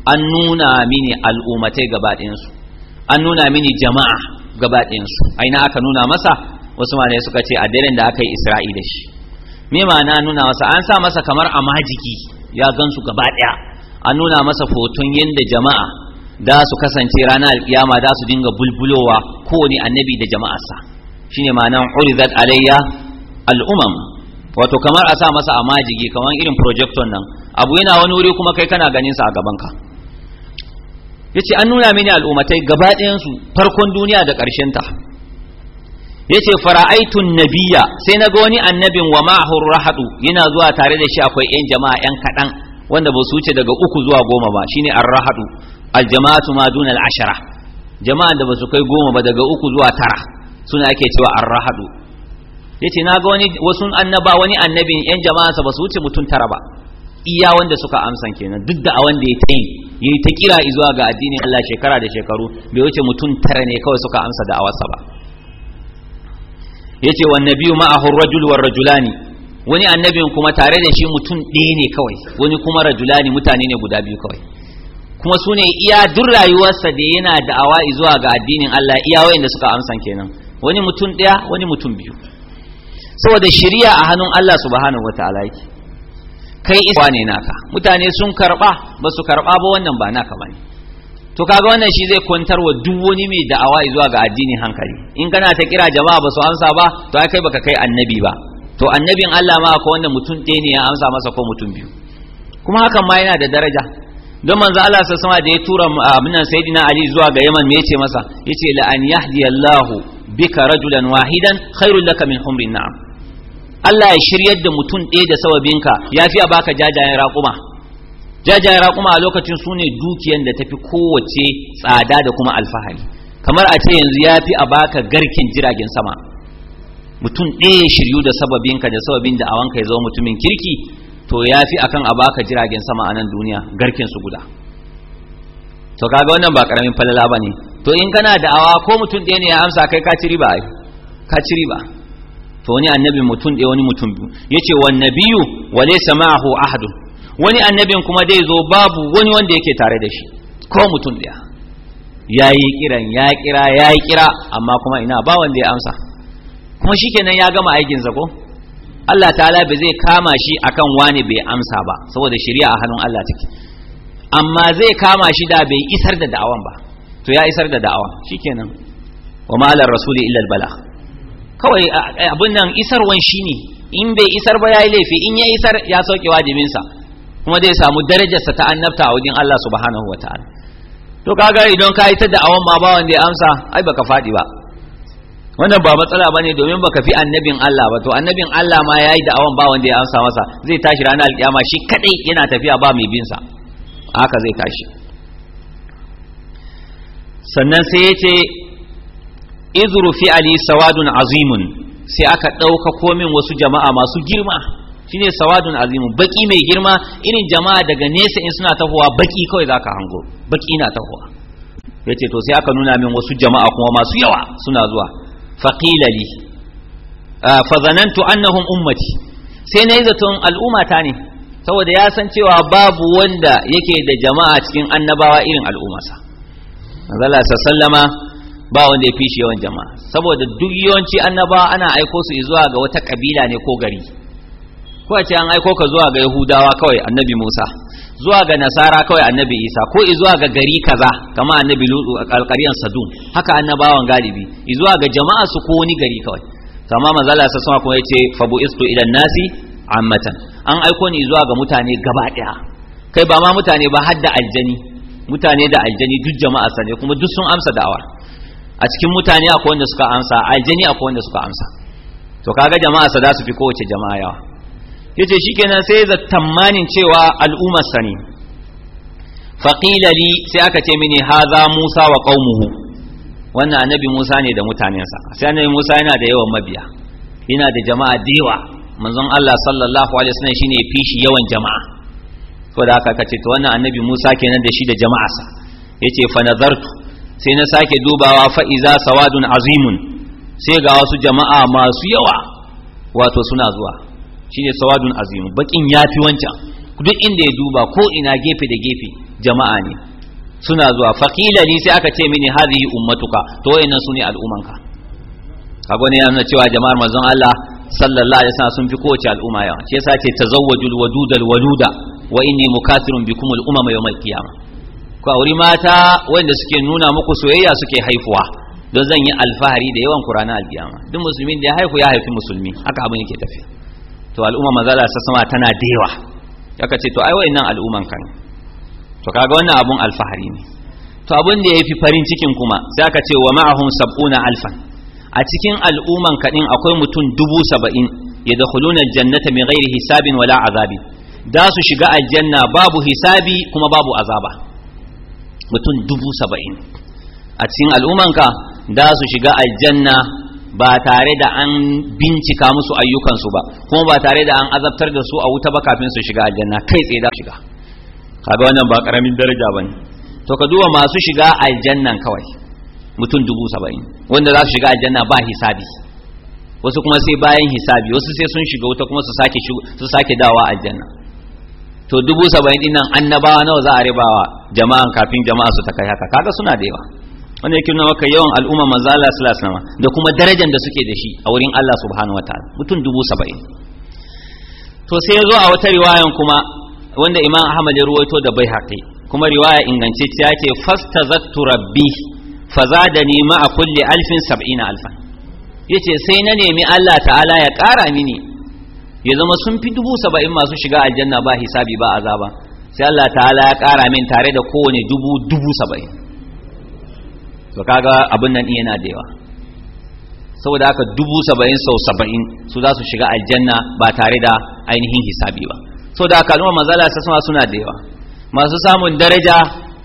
an nuna mini al'umatai gabaɗayan su an nuna mini jama'a gabaɗayan su aina aka nuna masa wasu malai suka ce a daren da aka yi isra'i da shi me na nuna masa an sa masa kamar a majiki ya gansu gaba daya an nuna masa foton yadda jama'a da su kasance ranar alkiyama da su dinga bulbulowa kowane annabi da jama'arsa shine ma'anan urizat alayya al'umam wato kamar a sa masa a majigi kamar irin projector nan abu yana wani wuri kuma kai kana ganin sa a gabanka yace an nuna mini al'ummatai gaba ɗayan su farkon duniya da ƙarshen ta yace fara'aitun nabiyya sai na ga wani annabin wa ma'ahu rahadu yana zuwa tare da shi akwai yan jama'a yan kadan wanda ba su wuce daga uku zuwa goma ba shine ar-rahadu al-jama'atu ma al ashara jama'an da ba su kai goma ba daga uku zuwa tara suna ake cewa ar-rahadu yace ga wani wasu annaba wani annabin yan jama'a ba su wuce mutun tara ba iya wanda suka amsa kenan duk da a wanda ya tayi yayi ta kira zuwa ga addinin Allah shekara da shekaru bai wuce mutun tara ne kawai suka amsa da awarsa ba yace wa nabiyyu ma'ahu ar-rajul war rajulani wani annabi kuma tare da shi mutum ɗaya ne kawai wani kuma rajulani mutane ne guda biyu kawai kuma sune ne iya duk rayuwarsa da yana da awai zuwa ga addinin Allah iya wayanda suka amsan kenan wani mutum ɗaya wani mutum biyu saboda shiriya a hannun Allah subhanahu wataala kai isa ne naka mutane sun karba ba su karba ba wannan ba naka bane to kaga wannan shi zai kwantarwa duk wani mai da'awa zuwa ga addini hankali in kana ta kira jama'a ba su amsa ba to ai kai baka kai annabi ba to annabin Allah ma akwai wanda mutum ɗaya ne ya amsa masa ko mutum biyu kuma hakan ma yana da daraja don manzo Allah sa sama da ya tura ah, nan sayyidina Ali zuwa ga Yaman me yace masa yace la an Allah bika rajulan wahidan khairul laka min humrin na'am Allah ya shiryar da mutum ɗaya da sawabinka yafi a baka jajayen raƙuma jajaye raƙuma a lokacin su ne dukiyan da tafi kowace tsada da kuma alfahari kamar a ce yanzu ya fi a baka garkin jiragen sama mutum ɗaya shiryu da sababinka da sababin da awanka ya zama mutumin kirki to ya fi a kan a baka jiragen sama a nan duniya garkin su guda to kaga wannan ba karamin falala ba ne to in kana da'awa ko mutum ɗaya ne ya amsa kai ka ci riba ai ka ci riba to wani annabi mutum ɗaya wani mutum biyu yace wan nabiyyu wa laysa ma'ahu ahadun wani annabin kuma zai zo babu wani wanda yake tare da shi ko mutum daya ya yi kiran ya kira ya yi kira amma kuma ina ba wanda ya amsa kuma shikenan ya gama aikin zago Allah ta'ala bai zai kama shi akan wani bai amsa ba saboda shari'a a hannun Allah take amma zai kama shi da bai isar da da'awan ba to ya isar da da'awa shikenan wa malar rasuli illa albala kawai abun nan isarwan shine in bai isar ba yayi laifi in ya isar ya sauke wajibinsa kuma zai samu darajarsa ta annabta a wajen Allah subhanahu wa ta'ala to kaga idan ka yi ta da'awan ma ba wanda ya amsa ai baka faɗi ba wannan ba matsala ba ne domin baka fi annabin Allah ba to annabin Allah ma ya yi da'awan ba wanda ya amsa masa zai tashi ranar alƙiyama shi kaɗai yana tafiya ba mai binsa haka zai tashi sannan sai ya ce izuru fi ali sawadun azimun sai aka ɗauka komin wasu jama'a masu girma shine sawadun azimu baki mai girma irin jama'a daga nesa in suna tahowa baki kawai zaka hango baki na tahowa yace to sai aka nuna min wasu jama'a kuma masu yawa suna zuwa faqila li ah, fa zanantu annahum ummati sai nayi zaton al'ummata ne saboda ya san cewa babu wanda yake da jama'a cikin annabawa irin al'ummarsa manzala sallama ba wanda ya fi shi yawan jama'a saboda duk yawanci annabawa ana aiko su zuwa ga wata kabila ne ko gari ko a ce an aiko ka zuwa ga yahudawa kawai annabi musa zuwa ga nasara kawai annabi isa ko zuwa ga gari kaza kama annabi lutsu a alƙaryan Sadun haka annabawan galibi zuwa ga jama'a su ko wani gari kawai kama mazala sa sama kuma yace fa istu ila nasi ammatan an aiko ni zuwa ga mutane gaba daya kai ba ma mutane ba hadda aljani mutane da aljani duk jama'a sane kuma duk sun amsa da'awa a cikin mutane akwai wanda suka amsa aljani akwai wanda suka amsa to kaga jama'a sa za su fi kowace jama'a yawa yace shikenan sai za tamanin cewa al'ummar sani faqila sai aka ce mini haza Musa wa qaumuhu wannan annabi Musa ne da mutanensa sai annabi Musa yana da yawan mabiya yana da jama'a da manzon Allah sallallahu alaihi wasallam shine ya fishi yawan jama'a da haka kace to wannan annabi Musa kenan da shi da jama'arsa yace fa nazartu sai na sake dubawa fa iza sawadun azimun sai ga wasu jama'a masu yawa wato suna zuwa shine sawadun azim bakin yafi wancan duk inda ya duba ko ina gefe da gefe jama'a ne suna zuwa faqila ni sai aka ce mini hadhihi ummatuka to wayannan sune Ka kaga ne yana cewa jama'ar manzon Allah sallallahu alaihi wasallam sun fi kowace al'umma yawa shi yasa ce tazawwajul wadudal waluda wa inni mukathirun bikum al'umma yawmal qiyamah ku auri mata wanda suke nuna muku soyayya suke haifuwa don zan yi alfahari da yawan kurana alkiyama duk musulmin da ya haifu ya haifi musulmi haka abin yake tafiya to al'umma manzala sa sama tana da yawa yaka ce to ai nan al'umman kan to kaga wannan abun alfahari ne to abun da fi farin cikin kuma zaka ce wa ma'ahun sab'una alfan a cikin al'umman kaɗin akwai mutum dubu saba'in ya hulunar jannata mai gairi hisabin wala azabi da su shiga aljanna babu hisabi kuma babu azaba mutum dubu saba'in a cikin ka da su shiga aljanna ba tare da an bincika musu ayyukansu ba kuma ba tare da an azabtar da su a wuta ba kafin su shiga aljanna kai tsaye da shiga kaga wannan ba karamin daraja bane to ka duba masu shiga aljannan kawai mutum dubu saba'in wanda za su shiga aljanna ba hisabi wasu kuma sai bayan hisabi wasu sai sun shiga wuta kuma su sake su sake dawa aljanna to dubu saba'in dinnan annabawa nawa za a ribawa jama'an kafin jama'a su ta kai haka kaga suna da yawa wanda yake nuna maka yawan al'umma maza Allah sallallahu alaihi wasallam da kuma darajar da suke da shi a wurin Allah subhanahu wataala mutum dubu saba'in to sai ya a wata riwayan kuma wanda Imam Ahmad ya ruwaito da bai Baihaqi kuma riwaya ingantacciya ce fastazattu rabbi fazadani ma'a kulli alfin sab'ina alfan yace sai na nemi Allah ta'ala ya ƙara mini ya zama sun fi dubu saba'in masu shiga aljanna ba hisabi ba azaba sai Allah ta'ala ya kara min tare da kowane dubu dubu saba'in to kaga abin nan yana da yawa saboda haka dubu saba'in sau saba'in su za su shiga aljanna ba tare da ainihin hisabi ba saboda haka al'umma manzala ta sama suna da yawa masu samun daraja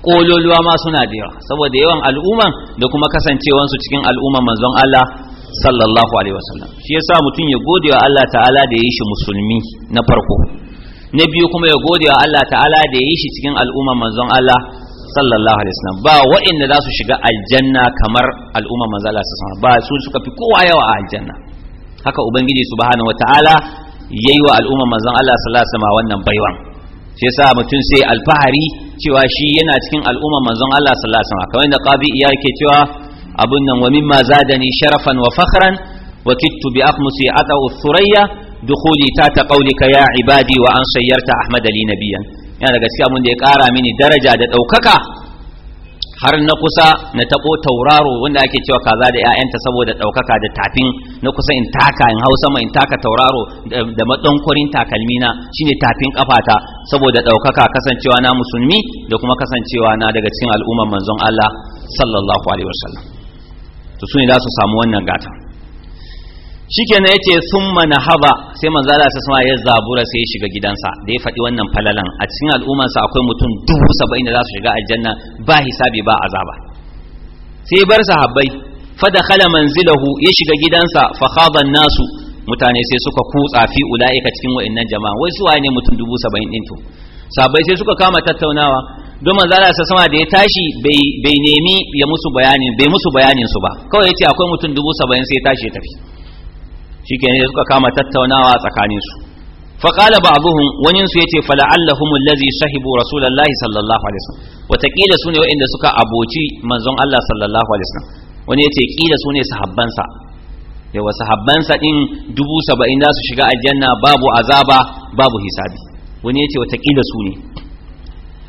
kololuwa ma suna da yawa saboda yawan al'umman da kuma kasancewansu cikin al'umman manzon Allah sallallahu alaihi wasallam shi yasa mutum ya gode wa Allah ta'ala da ya shi musulmi na farko na biyu kuma ya gode wa Allah ta'ala da yayi shi cikin al'umman manzon Allah sallallahu alaihi wasallam ba wa'inda za su shiga aljanna kamar al'umma manzo Allah sallallahu alaihi wasallam ba su suka fi kowa yawa a aljanna haka ubangiji subhanahu wataala yayi wa al'umma manzon Allah sallallahu alaihi wasallam wannan baiwan shi yasa mutum sai alfahari cewa shi yana cikin al'umma manzon Allah sallallahu alaihi wasallam kamar da qabi iya yake cewa abun nan wa mimma zadani sharafan wa fakhran wa kittu bi aqmusi ata'u thurayya dukhuli ta ta qawlika ya ibadi wa an sayyarta ahmada li nabiyyan yana daga cikin abin da ya kara mini daraja da ɗaukaka har na kusa na taɓo tauraro wanda ake cewa kaza da 'ya'yanta saboda ɗaukaka da tafin na kusa in taka in hau sama in taka tauraro da takalmi na shine tafin ƙafata saboda ɗaukaka kasancewa na musulmi da kuma kasancewa na daga cikin al'ummar manzon Allah sallallahu alaihi wasallam to su ne za su samu wannan gata shikenan yace summa nahaba sai manzo Allah sai sama ya zabura sai ya shiga gidansa da ya faɗi wannan falalan a cikin al'ummarsa akwai mutum dubu saba'in da za su shiga aljanna ba hisabi ba azaba sai bar sahabbai fa dakhala manzilahu ya shiga gidansa fa khaba nasu mutane sai suka kutsa fi ulaika cikin wayannan jama'a wai su waye mutum dubu saba'in din to sahabbai sai suka kama tattaunawa don manzo Allah sai sama da ya tashi bai bai nemi ya musu bayanin bai musu bayanin su ba kawai yace akwai mutum dubu saba'in sai ya tashi ya tafi shikenan suka kama tattaunawa a tsakanin su fa qala ba'dhum wani su yace fala allahum allazi sahibu rasulullahi sallallahu alaihi wasallam watakila sune waɗanda suka aboci manzon Allah sallallahu alaihi wasallam wani yace kila sune sahabbansa yawa sahabbansa din dubu saba'in za su shiga aljanna babu azaba babu hisabi wani yace watakila sune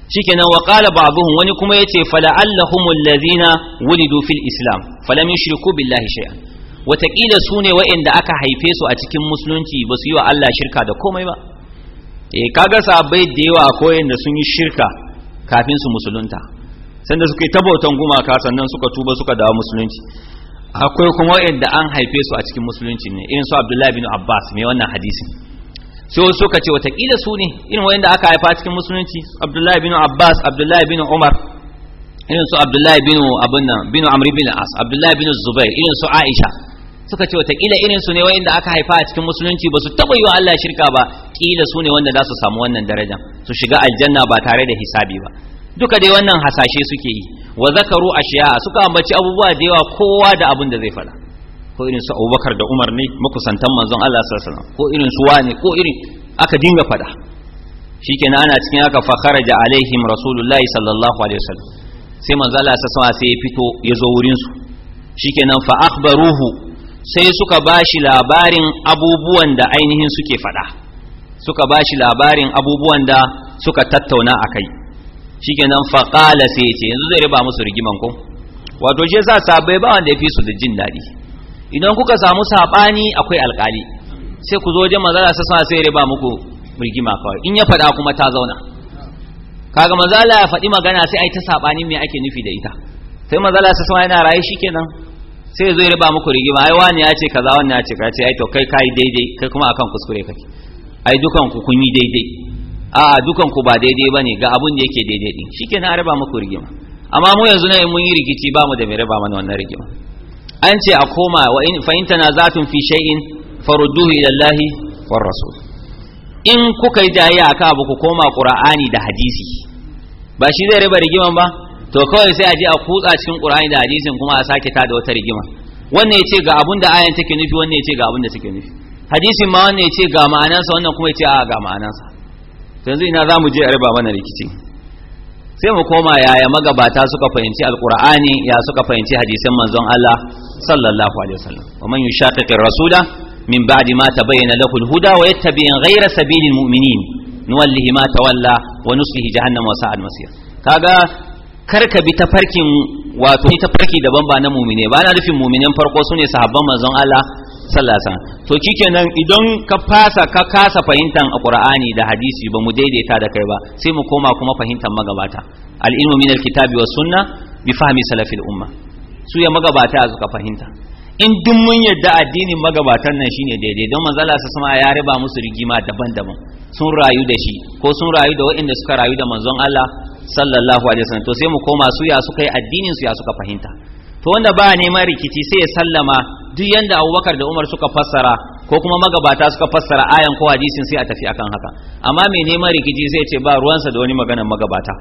shikenan wa qala ba'dhum wani kuma yace fala allahum allazina wulidu fil islam falam yushriku billahi shay'an Wataƙila su ne wa'inda aka haife su a cikin musulunci ba su yi wa Allah shirka da komai ba eh, ka kaga sabai da yawa koyin da sun yi shirka kafin su musulunta sanda suka yi tabautan gumaka sannan suka tuba suka dawo musulunci akwai kuma wa'inda an haife su a cikin musulunci ne irin su Abdullahi bin Abbas mai wannan hadisi. sai wasu suka ce watakila su ne irin wa'inda aka haifa cikin musulunci Abdullahi bin Abbas Abdullahi bin Umar irin su Abdullahi bin Abunna bin amri bin As Abdullahi bin Zubair irin su Aisha suka ce watakila irin su ne wayanda aka haifa a cikin musulunci ba su taɓa yi wa Allah shirka ba ƙila su ne wanda za su samu wannan daraja su shiga aljanna ba tare da hisabi ba duka dai wannan hasashe suke yi wa zakaru a ashiya suka ambaci abubuwa da yawa kowa da abin da zai faɗa ko irin su Abubakar da Umar ne makusantan manzon Allah sallallahu alaihi wasallam ko irin su wane ko irin aka dinga faɗa shikenan ana cikin haka fa kharaja alaihim rasulullahi sallallahu alaihi wasallam sai manzo Allah sallallahu alaihi wasallam sai ya fito ya zo wurin su shikenan fa akhbaruhu sai suka ba shi labarin abubuwan da ainihin suke faɗa suka ba shi labarin abubuwan da suka tattauna a kai shi nan faƙala sai ce yanzu zai riba musu rigiman ko wato shi sa sabai ba wanda ya fi su da jin daɗi idan kuka samu saɓani akwai alƙali sai ku zo wajen manzala sa sai riba muku rigima kawai in ya faɗa kuma ta zauna kaga manzala ya faɗi magana sai ai ta saɓani me ake nufi da ita sai manzala sa yana raye kenan sai zai riba muku rigima ai wani ya ce kaza wani ya ce ka ce ai to kai kai daidai kai kuma akan kuskure kake ai dukan ku kun yi daidai a dukan ku ba daidai bane ga abun da yake daidai din shikenan a riba muku rigima amma mu yanzu ne mun yi rikici ba mu da mai riba mana wannan rigima an ce a koma wa in fa in nazatun fi shay'in farudduhu ila Allah war rasul in kuka yi jayayya akan abu ku koma qur'ani da hadisi ba shi zai riba rigiman ba to kawai sai a je a kutsa cikin qur'ani da hadisin kuma a sake ta da wata rigima wannan yace ga abun da ayan take nufi wannan yace ga abun da take nufi hadisin ma wannan yace ga ma'anansa wannan kuma yace a ga ma'anansa to yanzu ina zamu je a riba mana rikici sai mu koma yaya magabata suka fahimci alqur'ani ya suka fahimci hadisan manzon Allah sallallahu alaihi wasallam wa man yushaqiqir rasula min ba'di ma tabayyana lahu al-huda wa yattabi' ghayra sabilil mu'minin nuwallihi ma tawalla wa nuslihi jahannama wa sa'at masir kaga kar ka bi tafarkin wato ta farki daban ba na mumine ba na nufin muminan farko sune sahabban manzon Allah sallallahu alaihi wasallam to idan ka fasa ka kasa fahimtan alqur'ani da hadisi ba mu daidaita da kai ba sai mu koma kuma fahimtan magabata al-ilmu min al-kitabi was sunna bi fahmi salafil umma su ya magabata suka fahimta in duk mun yadda addinin magabatan nan shine daidai don manzala sa sama ya riba musu rigima daban-daban sun rayu da shi ko sun rayu da waɗanda suka rayu da manzon Allah sallallahu alaihi wasallam to sai mu koma su ya suka yi addinin su ya suka fahimta to wanda ba neman rikici sai ya sallama duk yanda Abubakar da Umar suka fassara ko kuma magabata suka fassara ayan ko hadisin sai a tafi akan haka amma mai neman rikici sai ce ba ruwansa da wani maganar magabata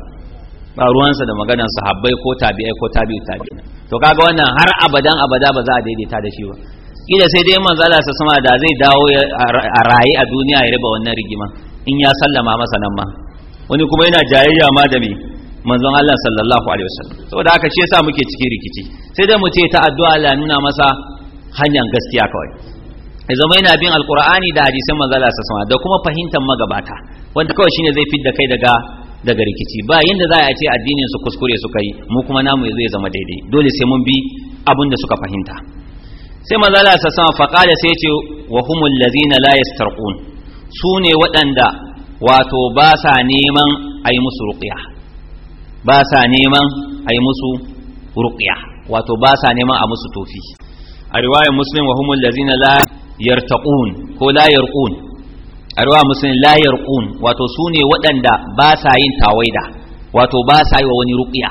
ba ruwansa da maganar sahabbai ko tabi'ai ko tabi'u tabi'ina to kaga wannan har abadan abada ba za a daidaita da shi ba kila sai dai manzo Allah sama da zai dawo a rayi a duniya ya riba wannan rigima in ya sallama masa nan ma wani kuma yana jayayya ma da me manzon Allah sallallahu alaihi wasallam saboda haka shi yasa muke cikin rikici sai dai mu ce ta addu'a Allah nuna masa hanyar gaskiya kawai ya zama yana bin alqur'ani da hadisan manzon Allah sallallahu alaihi da kuma fahimtar magabata wanda kawai shine zai da kai daga daga rikici ba yanda za a ce addinin su kuskure suka yi mu kuma namu yazo ya zama daidai dole sai mun bi abin da suka fahimta sai manzon Allah sallallahu alaihi wasallam faqala sai ya ce wa humul ladzina la yastarqun su ne waɗanda wato ba sa neman a yi musu ruqya ba sa neman a yi musu ruqya wato ba sa neman a musu tofi a riwayar muslim wa humul zina la yartaƙun ko la yarƙun a riwayar muslim la yarƙun wato su ne waɗanda ba sa yin tawaida wato ba sa yi wa wani ruqya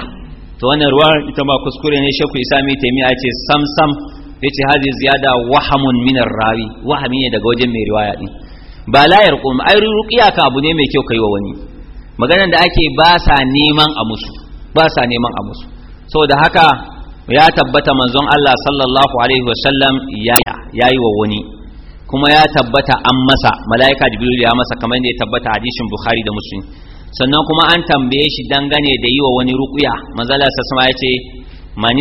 to wannan ruwan ita ma kuskure ne shakku isami taimiya ce sam sam ce hajji ziyada wahamun minar rawi wahami ne daga wajen mai riwaya din ba la yarqum ai ruqiya ka abu ne mai kyau kai wa wani maganar da ake ba sa neman a musu ba sa neman a musu saboda haka ya tabbata manzon Allah sallallahu alaihi wasallam ya yi wa wani kuma ya tabbata an masa mala'ika jibril ya masa kamar da ya tabbata hadisin bukhari da muslim sannan kuma an tambaye shi dangane da yi wa wani ruqiya manzala sassama ya ce man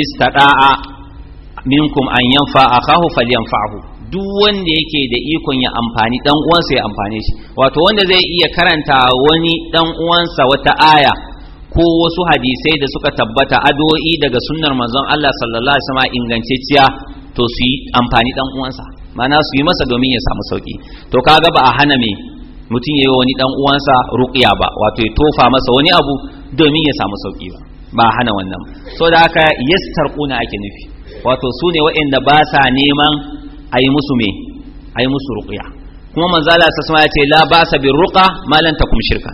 minkum an yanfa akahu falyanfa'hu duk wanda yake da ikon ya amfani dan uwansa ya amfane shi wato wanda zai iya karanta wani dan uwansa wata aya ko wasu hadisai da suka tabbata addu'o'i daga sunnar manzon Allah sallallahu alaihi wasallam ingantacciya to su yi amfani dan uwansa mana su yi masa domin ya samu sauki to kaga ba a hana me mutum yayi wani dan uwansa ruqiya ba wato ya tofa masa wani abu domin ya samu sauki ba ba hana wannan so da haka yastarquna ake nufi wato su ne waɗanda ba sa neman a yi musu me a musu ruqya kuma manzala sa sama ya ce la ba'sa bir ruqa ma lan takum shirka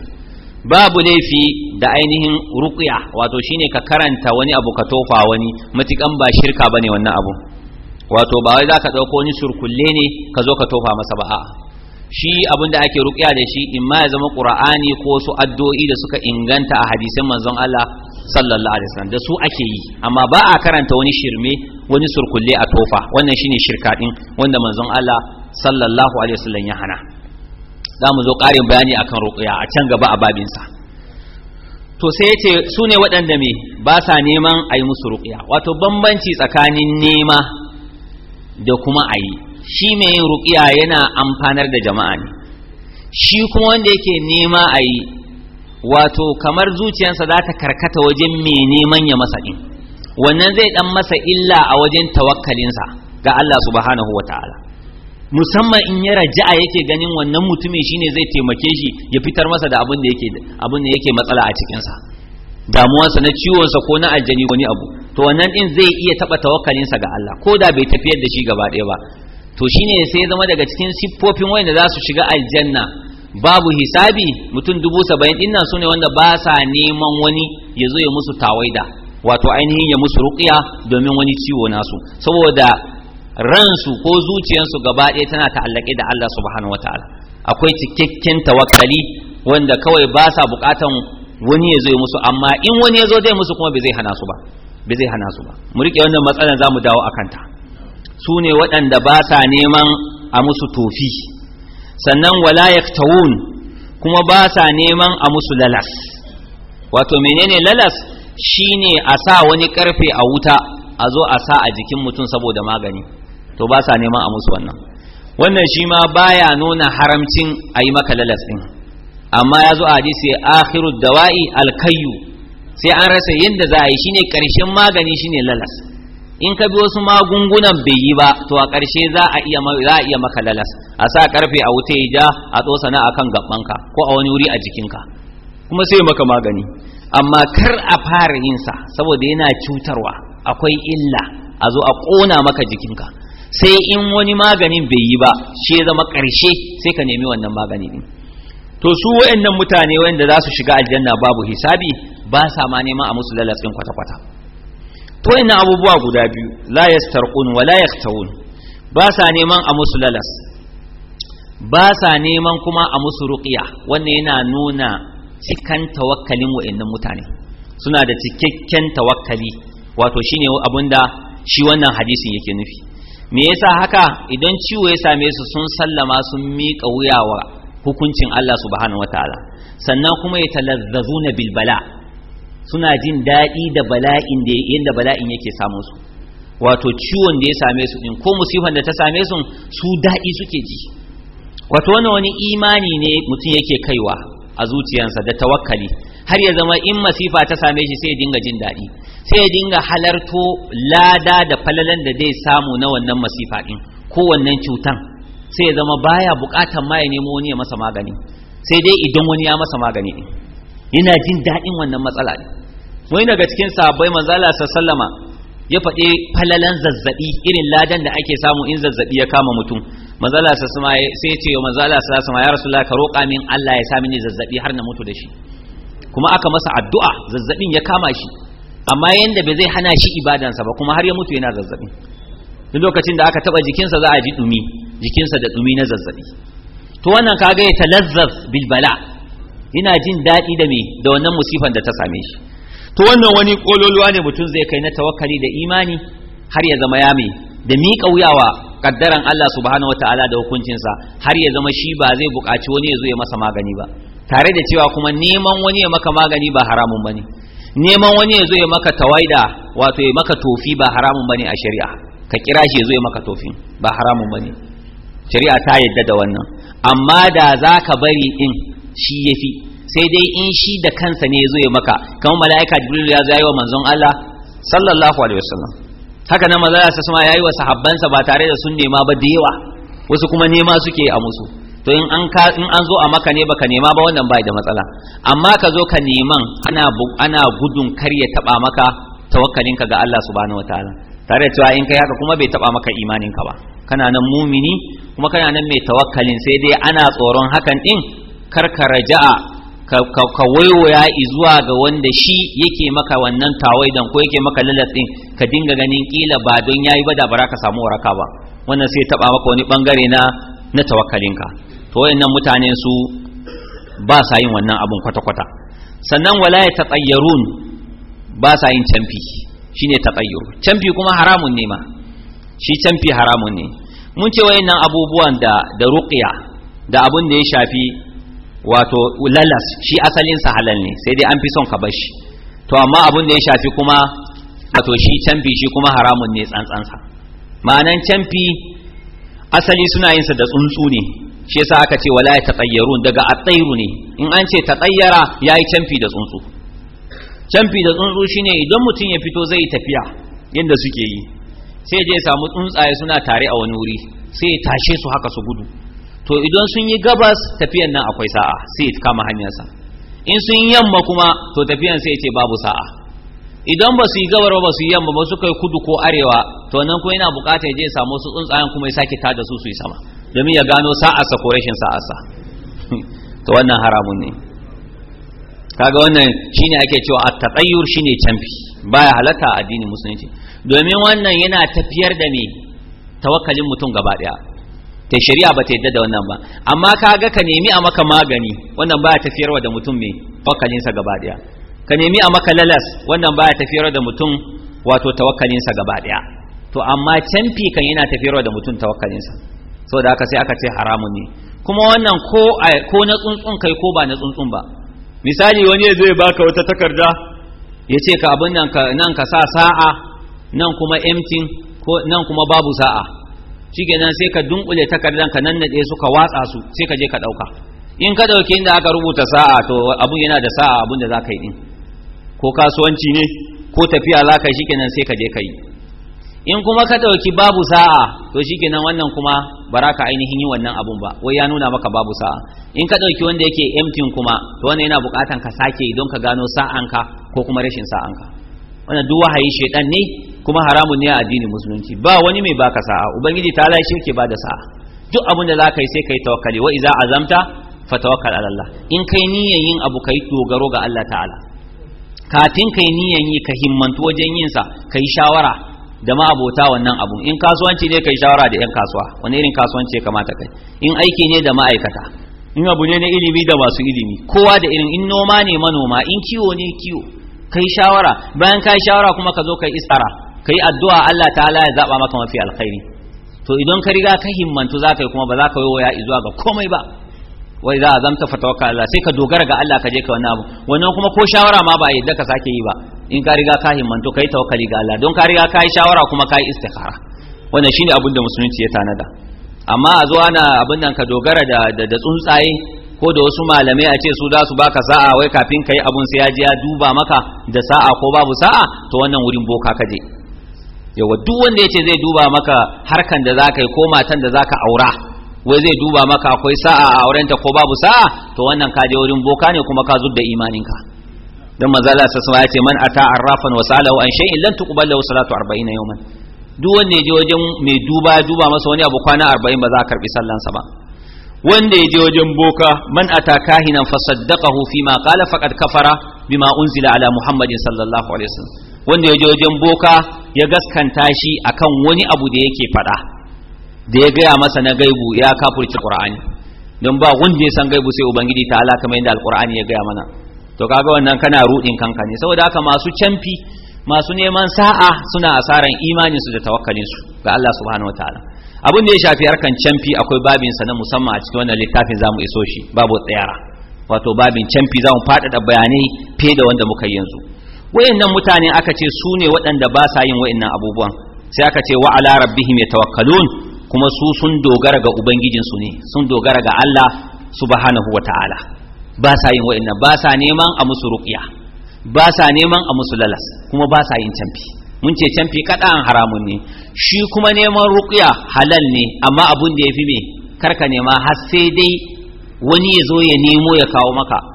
babu laifi da ainihin ruqya wato shine ka karanta wani abu ka tofa wani matikan ba shirka bane wannan abu wato ba wai zaka dauko wani surkulle ne ka zo ka tofa masa ba a'a shi abinda ake ruqya da shi in ma ya zama qur'ani ko su addu'o'i da suka inganta a hadisin manzon Allah sallallahu alaihi wasallam da su ake yi amma ba a karanta wani shirme wani surkulle a tofa wannan shine shirka din wanda manzon Allah sallallahu alaihi wasallam ya hana za mu zo ƙarin bayani akan ruqya a can gaba a babinsa to sai yace ce su ne waɗanda me ba sa neman ayi musu ruqya wato bambanci tsakanin nema da kuma ayi shi mai yin ruqya yana amfanar da jama'a ne shi kuma wanda yake nema ayi wato kamar zuciyarsa za ta karkata wajen mai neman ya masa ɗin wannan zai dan masa illa a wajen tawakkalinsa ga Allah subhanahu wataala musamman in ya raja'a yake ganin wannan mutumin shine zai taimake shi ya fitar masa da abin da yake abin da yake matsala a cikin sa damuwarsa na sa ko na aljani wani abu to wannan din zai iya taba sa ga Allah ko da bai tafiyar da shi gaba ɗaya ba to shine sai zama daga cikin siffofin wanda za su shiga aljanna babu hisabi mutum dubu saba'in dinnan sune wanda ba sa neman wani ya zo ya musu tawaida wato ainihin ya musu ruqiya domin wani ciwo nasu saboda ransu ko zuciyarsu gaba ɗaya tana ta'allake da Allah subhanahu wataala akwai cikakken tawakkali wanda kawai ba sa bukatan wani ya zo musu amma in wani ya zo zai musu kuma bai zai hana su ba bai zai hana su ba mu rike wannan matsalar zamu dawo akan ta su ne waɗanda ba sa neman a musu tofi sannan wala yaktawun kuma ba sa neman a musu lalas wato menene lalas shine a sa wani karfe a wuta a zo a sa a jikin mutum saboda magani to ba sa neman a musu wannan wannan shi ma baya nuna haramcin a yi maka lalas ɗin amma ya zo a hadisi akhiru dawa'i alkayu sai an rasa yadda za a yi shine karshen magani shine lalas in ka bi wasu magungunan bai yi ba to a karshe za a iya za a iya maka lalas a sa karfe a wuta ya ja a tsosana akan gabanka ko a wani wuri a jikinka kuma sai maka magani amma kar a fara yin saboda yana cutarwa akwai illa a zo a ƙona maka jikinka sai in wani maganin bai yi ba shi ya zama ƙarshe sai ka nemi wannan magani ne. to su wayannan mutane wanda za su shiga aljanna babu hisabi ba sa ma neman a musu lalatsin kwata-kwata to ina abubuwa guda biyu la yastarqun wa la yaktawun ba sa neman a musu lalas ba sa neman kuma a musu ruqiya wannan yana nuna cikan tawakkalin wa'annan mutane suna da cikakken tawakkali wato shine abunda shi wannan hadisin yake nufi me yasa haka idan ciwo ya same su sun sallama sun miƙa wuyawa hukuncin Allah subhanahu wataala sannan kuma ya talazzazuna bil bala suna jin daɗi da bala'in da yanda bala'in yake samu su wato ciwon da ya same su din ko musifan da ta same su su daɗi suke ji wato wani imani ne mutum yake kaiwa a zuciyarsa da tawakkali har ya zama in masifa ta same shi sai ya dinga jin daɗi sai ya dinga halarto lada da falalan da zai samu na wannan masifa ɗin ko wannan cutan sai ya zama baya buƙatan ma ya nemo wani ya masa magani sai dai idan wani ya masa magani ɗin yana jin daɗin wannan matsala ɗin wani daga cikin sahabbai manzala sallama ya faɗi falalan zazzabi irin ladan da ake samu in zazzabi ya kama mutum manzala sa sama sai ce wa manzala sa sama ya rasu ka roƙa min Allah ya sa mini zazzabi har na mutu da shi kuma aka masa addu'a zazzaɓin ya kama shi amma yanda bai zai hana shi ibadansa ba kuma har ya mutu yana zazzaɓi duk lokacin da aka taba jikinsa za a ji dumi jikinsa da ɗumi na zazzabi to wannan kaga ya talazzaf bil bala yana jin daɗi da me da wannan musifan da ta same shi to wannan wani kololuwa ne mutum zai kai na tawakkali da imani har ya zama yami da miƙa wuyawa kaddaran Allah subhanahu wataala da hukuncinsa har ya zama shi ba zai buƙaci wani ya zo ya masa magani ba tare da cewa kuma neman wani ya maka magani ba haramun bane neman wani ya zo ya maka tawaida wato ya maka tofi ba haramun bane a shari'a ka kira shi ya zo ya maka tofi ba haramun bane shari'a ta yadda da wannan amma da zaka bari in shi yafi sai dai in shi da kansa ne zo ya maka kamar mala'ika jibril ya zo wa manzon Allah sallallahu alaihi wasallam haka nan manzon sa sama yayi wa sahabbansa ba tare da sun nema ba da yawa wasu kuma nema suke a musu to in an ka in an zo a maka ne baka nema ba wannan bai da matsala amma ka zo ka neman ana ana gudun kar ya taba maka tawakkalin ka ga Allah subhanahu wataala tare da cewa in kai haka kuma bai taba maka imanin ka ba kana nan mumini kuma kana nan mai tawakkalin sai dai ana tsoron hakan din ka raja'a ka waiwaya zuwa ga wanda shi yake maka wannan tawaidan ko yake maka lalatsin ka dinga ganin kila ba don yayi ba da bara ka samu waraka ba wannan sai taba maka wani bangare na na tawakkalinka to wayannan mutane su ba sa yin wannan abun kwata kwata sannan wala ya tatayyarun ba sa yin canfi shine tatayyur canfi kuma haramun ne ma shi canfi haramun ne mun ce wayannan abubuwan da da ruqya da abun da ya shafi wato lalas shi asalin sa halal ne sai dai an fi son ka bar shi to amma abun da ya shafi kuma wato shi canfi shi kuma haramun ne tsantsansa ma'anan canfi asali suna yin sa da tsuntsu ne shi yasa aka ce wala ya tatayyarun daga atayru ne in an ce tatayyara yayi canfi da tsuntsu canfi da tsuntsu shine idan mutum ya fito zai tafiya yanda suke yi sai dai samu tsuntsaye suna tare a wani wuri sai ya tashe su haka su gudu to idan sun yi gabas tafiyan nan akwai sa'a sai ya kama hanyarsa in sun yi yamma kuma to tafiyan sai ce babu sa'a idan ba su yi gabar ba su yi yamma ba suka kai kudu ko arewa to nan kuma yana bukatar ya je ya samu su tsuntsayen kuma ya sake tada su su yi sama domin ya gano sa'arsa ko rashin sa'arsa to wannan haramun ne kaga wannan shine ake cewa at-tatayyur shine canfi baya halatta addinin musulunci domin wannan yana tafiyar da ne tawakkalin mutum gaba daya ta shari'a ba ta yadda da wannan ba amma kaga ka nemi a maka magani wannan baya tafiyarwa da mutum mai tawakkalinsa gaba daya ka nemi a maka lalas wannan baya tafiyarwa da mutum wato tawakkalinsa gaba daya to amma canfi kan yana tafiyarwa da mutum tawakkalinsa saboda haka sai aka ce haramun ne kuma wannan ko ko na tsuntsun kai ko ba na tsuntsun ba misali wani zai baka wata takarda ya ce ka abin nan ka sa sa'a nan kuma emtin ko nan kuma babu sa'a shikenan sai ka dunkule takardar ka nannade su ka watsa su sai ka je ka dauka in ka dauke inda aka rubuta sa'a to abun yana da sa'a abun da zaka yi din ko kasuwanci ne ko tafiya zaka shikenan sai ka je ka yi in kuma ka dauki babu sa'a to shikenan wannan kuma baraka ainihin yi wannan abun ba wai ya nuna maka babu sa'a in ka dauki wanda yake empty kuma to wannan yana bukatan ka sake don ka gano sa'anka ko kuma rashin sa'anka wannan duk wahayi shedan ne kuma haramun ne a addinin musulunci ba wani mai baka sa'a ubangiji ta shi ke bada sa'a duk abin da zaka yi sai kai tawakkali wa iza azamta tawakkal ala Allah in kai niyyar yin abu kai dogaro ga Allah ta'ala katin kai niyyar yi ka himmantu wajen yin sa kai shawara da ma'abota wannan abu in kasuwanci ne kai shawara da yan kasuwa wani irin kasuwanci ya kamata kai in aiki ne da ma'aikata in abu ne na ilimi da masu ilimi kowa da irin in noma ne manoma in kiwo ne kiwo kai shawara bayan kai shawara kuma ka zo kai istara kai addu'a Allah ta'ala ya zaba maka mafi alkhairi to idan ka riga ka himmantu zakai kuma ba za ka yoya zuwa ga komai ba wai za a zamta fatawaka Allah sai ka dogara ga Allah ka je ka wannan abu wannan kuma ko shawara ma ba a yadda ka sake yi ba in ka riga ka himmantu kai tawakkali ga Allah don ka riga ka yi shawara kuma ka yi istikhara wannan shine abin da musulunci ya tanada amma a zo ana abin nan ka dogara da da tsuntsaye ko da wasu malamai a ce su za su baka sa'a wai kafin ka yi abun sai ya je ya duba maka da sa'a ko babu sa'a to wannan wurin boka ka je yawa duk wanda yace zai duba maka harkan da zaka yi ko matan da zaka aura wai zai duba maka akwai sa'a a aurenta ko babu sa'a to wannan ka je wurin boka ne kuma ka zudda imaninka dan manzo Allah sallallahu alaihi man ata arrafan wa salahu an shay'in lan tuqbal lahu salatu 40 yawman duk wanda ya je wajen mai duba duba masa wani abu kwana 40 ba za a karbi sallansa ba wanda ya je wajen boka man ata kahinan fasaddaqahu fima qala faqad kafara bima unzila ala muhammadin sallallahu alaihi wasallam wanda ya je wajen boka ya gaskanta shi akan wani abu da yake faɗa da ya gaya masa na gaibu ya kafurci qur'ani don ba wanda ya san gaibu sai ubangiji ta ala kamar yadda alqur'ani ya gaya mana to kaga wannan kana rudin kanka ne saboda haka masu canfi masu neman sa'a suna asaran imaninsu da su ga Allah subhanahu wataala abin da ya shafi harkan canfi akwai babin sa na musamman a cikin wannan littafin zamu iso shi babu tsayara wato babin canfi zamu faɗaɗa bayanai fiye da wanda muka yi yanzu wayannan mutane aka ce su ne waɗanda ba sa yin wayannan abubuwan sai aka ce wa ala rabbihim yatawakkalun kuma su sun dogara ga ubangijin ne sun dogara ga Allah subhanahu wataala ba sa yin wayannan ba sa neman a musu ruqya ba sa neman a musu lalas kuma ba sa yin canfi mun ce canfi kada an haramun ne shi kuma neman ruqya halal ne amma abun da yafi me karka nema har sai dai wani ya zo ya nemo ya kawo maka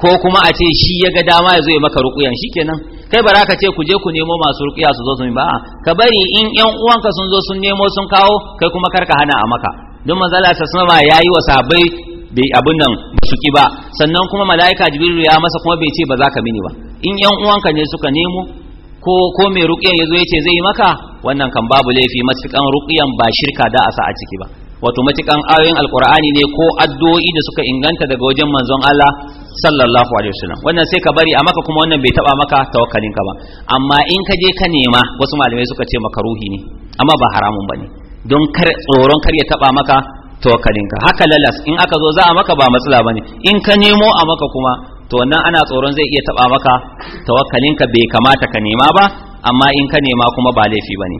ko kuma a ce shi ya ga dama ya zo ya maka shi kenan kai ba ka ce ku je ku nemo masu rukuya su zo su ba ka bari in ƴan uwanka sun zo sun nemo sun kawo kai kuma kar ka hana a maka don manzala sa sama yi wa sahabbai bai abin nan ba su ki ba sannan kuma malaika jibril ya masa kuma bai ce ba za ka mini ba in ƴan uwanka ne suka nemo ko ko mai rukuyan ya zo ya ce zai yi maka wannan kan babu laifi matukan rukuyan ba shirka da a sa a ciki ba wato matukan ayoyin alkur'ani ne ko addu'o'i da suka inganta daga wajen manzon Allah sallallahu alaihi wasallam wannan sai ka bari a maka kuma wannan bai taba maka tawakkalin ka ba amma in ka je ka nema wasu malamai suka ce maka ruhi ne amma ba haramun bane don kar tsoron kar ya taba maka tawakkalin ka haka lalas in aka zo za a maka ba matsala bane in ka nemo a maka kuma to wannan ana tsoron zai iya taba maka tawakkalin ka bai kamata ka nema ba amma in ka nema kuma ba laifi bane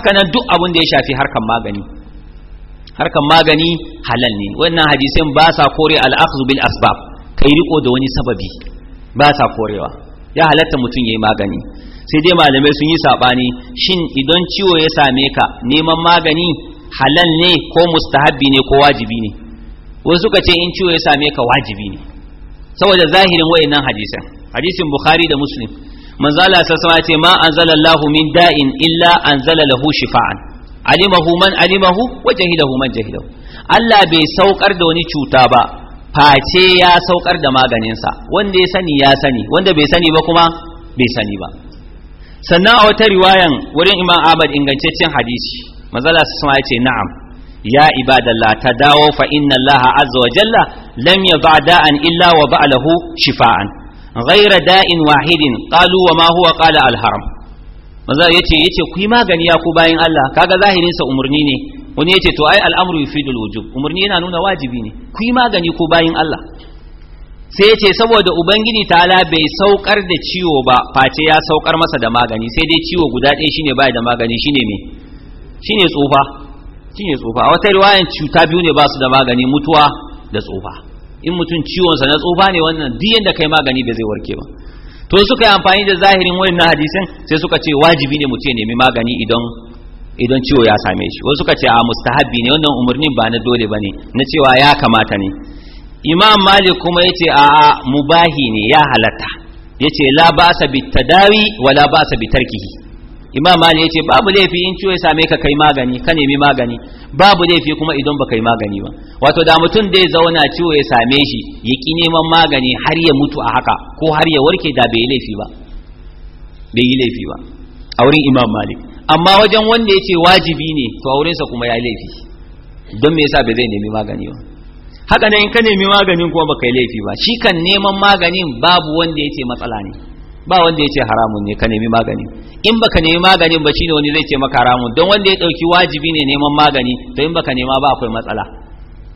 haka nan duk abin da ya shafi harkan magani harkan magani halal ne wannan hadisin ba sa kore al'akhdhu bil asbab kai riko da wani sababi ba sa korewa ya halatta mutum yayi magani sai dai malamai sun yi sabani shin idan ciwo ya same ka neman magani halal ne ko mustahabbi ne ko wajibi ne wasu suka ce in ciwo ya same ka wajibi ne saboda zahirin wayannan hadisan hadisin bukhari da muslim manzo sallallahu alaihi wasallam ce ma anzalallahu min da'in illa anzala lahu shifa'an alimahu man alimahu wa jahilahu man jahilahu Allah bai saukar da wani cuta ba face ya saukar da maganinsa wanda ya sani ya sani wanda bai sani ba kuma bai sani ba sannan a wata riwayan wurin imam ahmad ingantaccen hadisi mazala su sama ce na'am ya ibadalla ta dawo fa inna allaha azza wa jalla lam yada da'an illa wa ba'alahu shifa'an ghayra da'in wahidin qalu wa ma huwa qala al haram maza yace yace ku yi magani ya ku bayin Allah kaga zahirin sa umurni ne wani yace to ai al'amru yufidul wujub umurni yana nuna wajibi ne ku yi magani ku bayin Allah sai yace saboda ubangini ta'ala bai saukar da ciwo ba face ya saukar masa da magani sai dai ciwo guda ɗaya shine bai da magani shine me shine tsufa shine tsufa a wata riwayan cuta biyu ne ba su da magani mutuwa da tsufa in mutum sa na tsufa ne wannan duk yanda kai magani bai zai warke ba to suka yi amfani da zahirin na hadisin sai suka ce wajibi ne mutum ya nemi magani idan idan ciwo ya same shi wasu suka ce a mustahabi ne wannan umarnin ba na dole bane na cewa ya kamata ne imam malik kuma yace a a mubahi ne ya halatta yace la ba'sa dawi wa la ba'sa tarkihi imam mali ce babu laifi in ciwo ya same ka kai magani ka nemi magani babu laifi kuma idan ba kai magani ba wato da mutum dai zauna ciwo ya same shi ya ki neman magani har ya mutu a haka ko har ya warke da bai laifi ba bai yi laifi ba a wurin imam malik amma wajen wanda yace wajibi ne to a wurinsa kuma ya laifi don me yasa bai zai nemi magani ba haka nan in ka nemi maganin kuma baka yi laifi ba shi kan neman maganin babu wanda ya ce matsala ne ba wanda ya ce haramun ne ka nemi magani in baka nemi maganin ba shine wani zai ce maka haramun don wanda ya dauki wajibi ne neman magani to in baka nema ba akwai matsala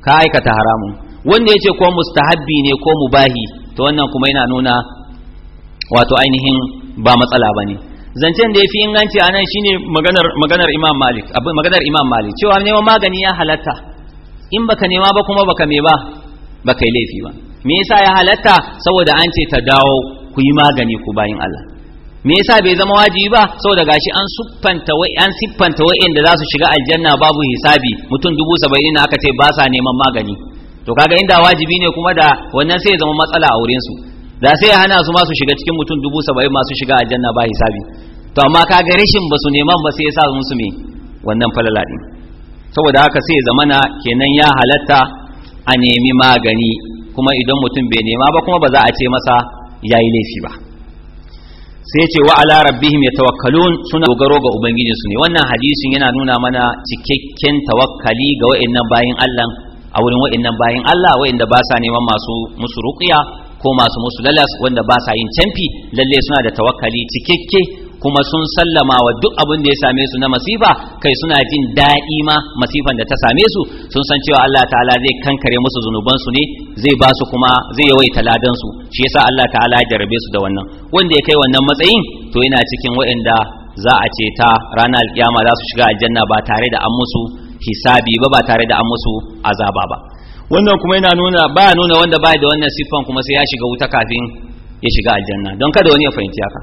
ka aikata haramun wanda ya ce ko mustahabbi ne ko mubahi to wannan kuma yana nuna wato ainihin ba matsala bane zancen da yafi inganci anan shine maganar maganar Imam Malik abin maganar Imam Malik cewa neman magani ya halatta in baka nema ba kuma baka me ba baka yi laifi ba me yasa ya halatta saboda an ce ta dawo ku yi magani ku bayin Allah me yasa bai zama wajibi ba saboda gashi an siffanta wai an siffanta wa'anda za su shiga aljanna babu hisabi mutum dubu saba'in ne aka ce ba sa neman magani to kaga inda wajibi ne kuma da wannan sai ya zama matsala a wurin su da sai ya hana su ma su shiga cikin mutum dubu saba'in masu shiga aljanna ba hisabi to amma kaga rashin ba su neman ba sai ya sa musu me wannan falala din saboda haka sai zamana kenan ya halatta a nemi magani kuma idan mutum bai nema ba kuma ba za a ce masa Ya yi laifi ba sai ce wa ala rabbihim yatawakkalun suna dogaro ga ubangiji su ne wannan hadisin yana nuna mana cikakken tawakkali ga wa'annan bayin Allah a wurin wa'annan bayin Allah wa'anda ba sa neman masu musu ruqiya ko masu musu lalas wanda ba sa yin canfi lalle suna da tawakkali cikakke kuma sun sallama wa duk abin da ya same su na masifa kai suna jin daɗi ma masifan da ta same su sun san cewa Allah ta'ala zai kankare musu zunubansu ne zai ba su kuma zai yawai ladan su shi yasa Allah ta'ala ya jarabe su da wannan wanda ya kai wannan matsayin to yana cikin waɗanda za a ce ta ranar alkiyama za su shiga aljanna ba tare da an musu hisabi ba ba tare da an musu azaba ba wannan kuma yana nuna ba nuna wanda ba da wannan siffan kuma sai ya shiga wuta kafin ya shiga aljanna don kada wani ya fahimci haka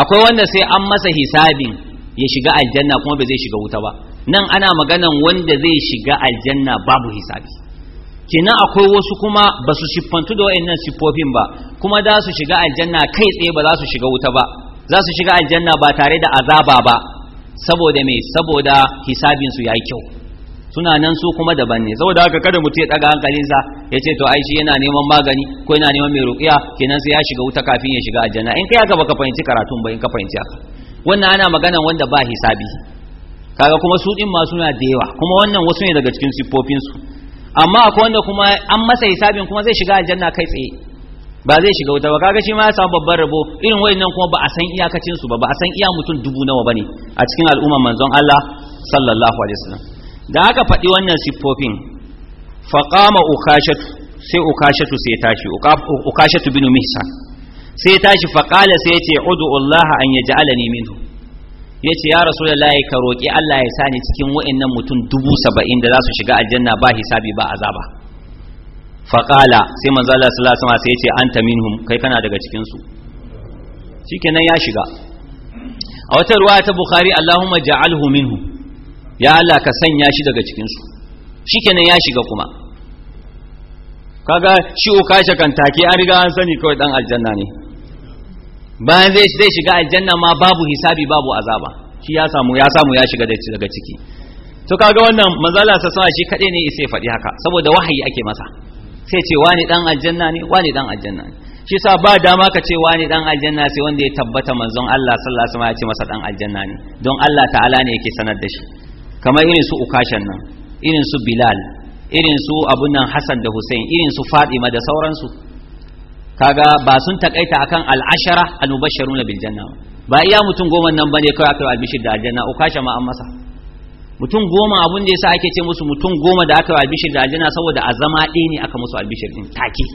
akwai wanda sai an masa hisabin ya shiga aljanna kuma ba zai shiga wuta ba nan ana maganan wanda zai shiga aljanna babu hisabi kenan akwai wasu kuma ba su siffantu da wayannan siffofin ba kuma za su shiga aljanna kai tsaye ba za su shiga wuta ba za su shiga aljanna ba tare da azaba ba saboda me saboda hisabin su yayi kyau suna nan su kuma daban ne saboda haka kada mutum ya daga hankalinsa ya ce to ai shi yana neman magani ko yana neman mai ruqiya kenan sai ya shiga wuta kafin ya shiga aljanna in kai haka baka fahimci karatu ba in ka fahimci haka wannan ana magana wanda ba hisabi kaga kuma su din ma suna da yawa kuma wannan wasu ne daga cikin sifofin su amma akwai wanda kuma an masa hisabin kuma zai shiga aljanna kai tsaye ba zai shiga wuta ba kaga shi ma ya samu babban rabo irin wayannan kuma ba a san iyakacin su ba ba a san iya mutum dubu nawa bane a cikin al'umman manzon Allah sallallahu alaihi wasallam da aka faɗi wannan siffofin faƙama ukashatu sai ukashatu sai tashi ukashatu binu mihsan sai tashi faƙala sai ya ce udu'ullaha an ya ja'alani minhu ya ce ya rasu da ka roƙi Allah ya sa ni cikin wa'annan mutum dubu saba'in da za su shiga aljanna ba hisabi ba azaba faƙala sai manzo Allah sallallahu alaihi sai ya ce anta minhum kai kana daga cikin su shikenan ya shiga a wata ruwa ta bukhari Allahumma ja'alhu minhum ya Allah ka sanya shi daga cikinsu kenan ya shiga kuma kaga shi ukasha kan take an riga an sani kawai dan aljanna ne bayan zai zai shiga aljanna ma babu hisabi babu azaba shi ya samu ya samu ya shiga daga ciki to kaga wannan manzala sa sa shi kadai ne sai faɗi haka saboda wahayi ake masa sai ce wani dan aljanna ne wani dan aljanna ne shi sa ba dama ka ce wani dan aljanna sai wanda ya tabbata manzon Allah sallallahu alaihi wasallam ya ce masa dan aljanna ne don Allah ta'ala ne yake sanar da shi kamar irin su ukashan nan irin su bilal irin su abun nan hassan da hussein irin su fatima da sauransu kaga ba sun takaita akan al'ashara al-mubashsharuna bil janna ba iya mutum goma nan bane kawai aka albishir da aljanna ukasha ma an masa mutum goma abun da yasa ake ce musu mutum goma da aka albishir da aljanna saboda a zama ɗaya ne aka musu albishir din take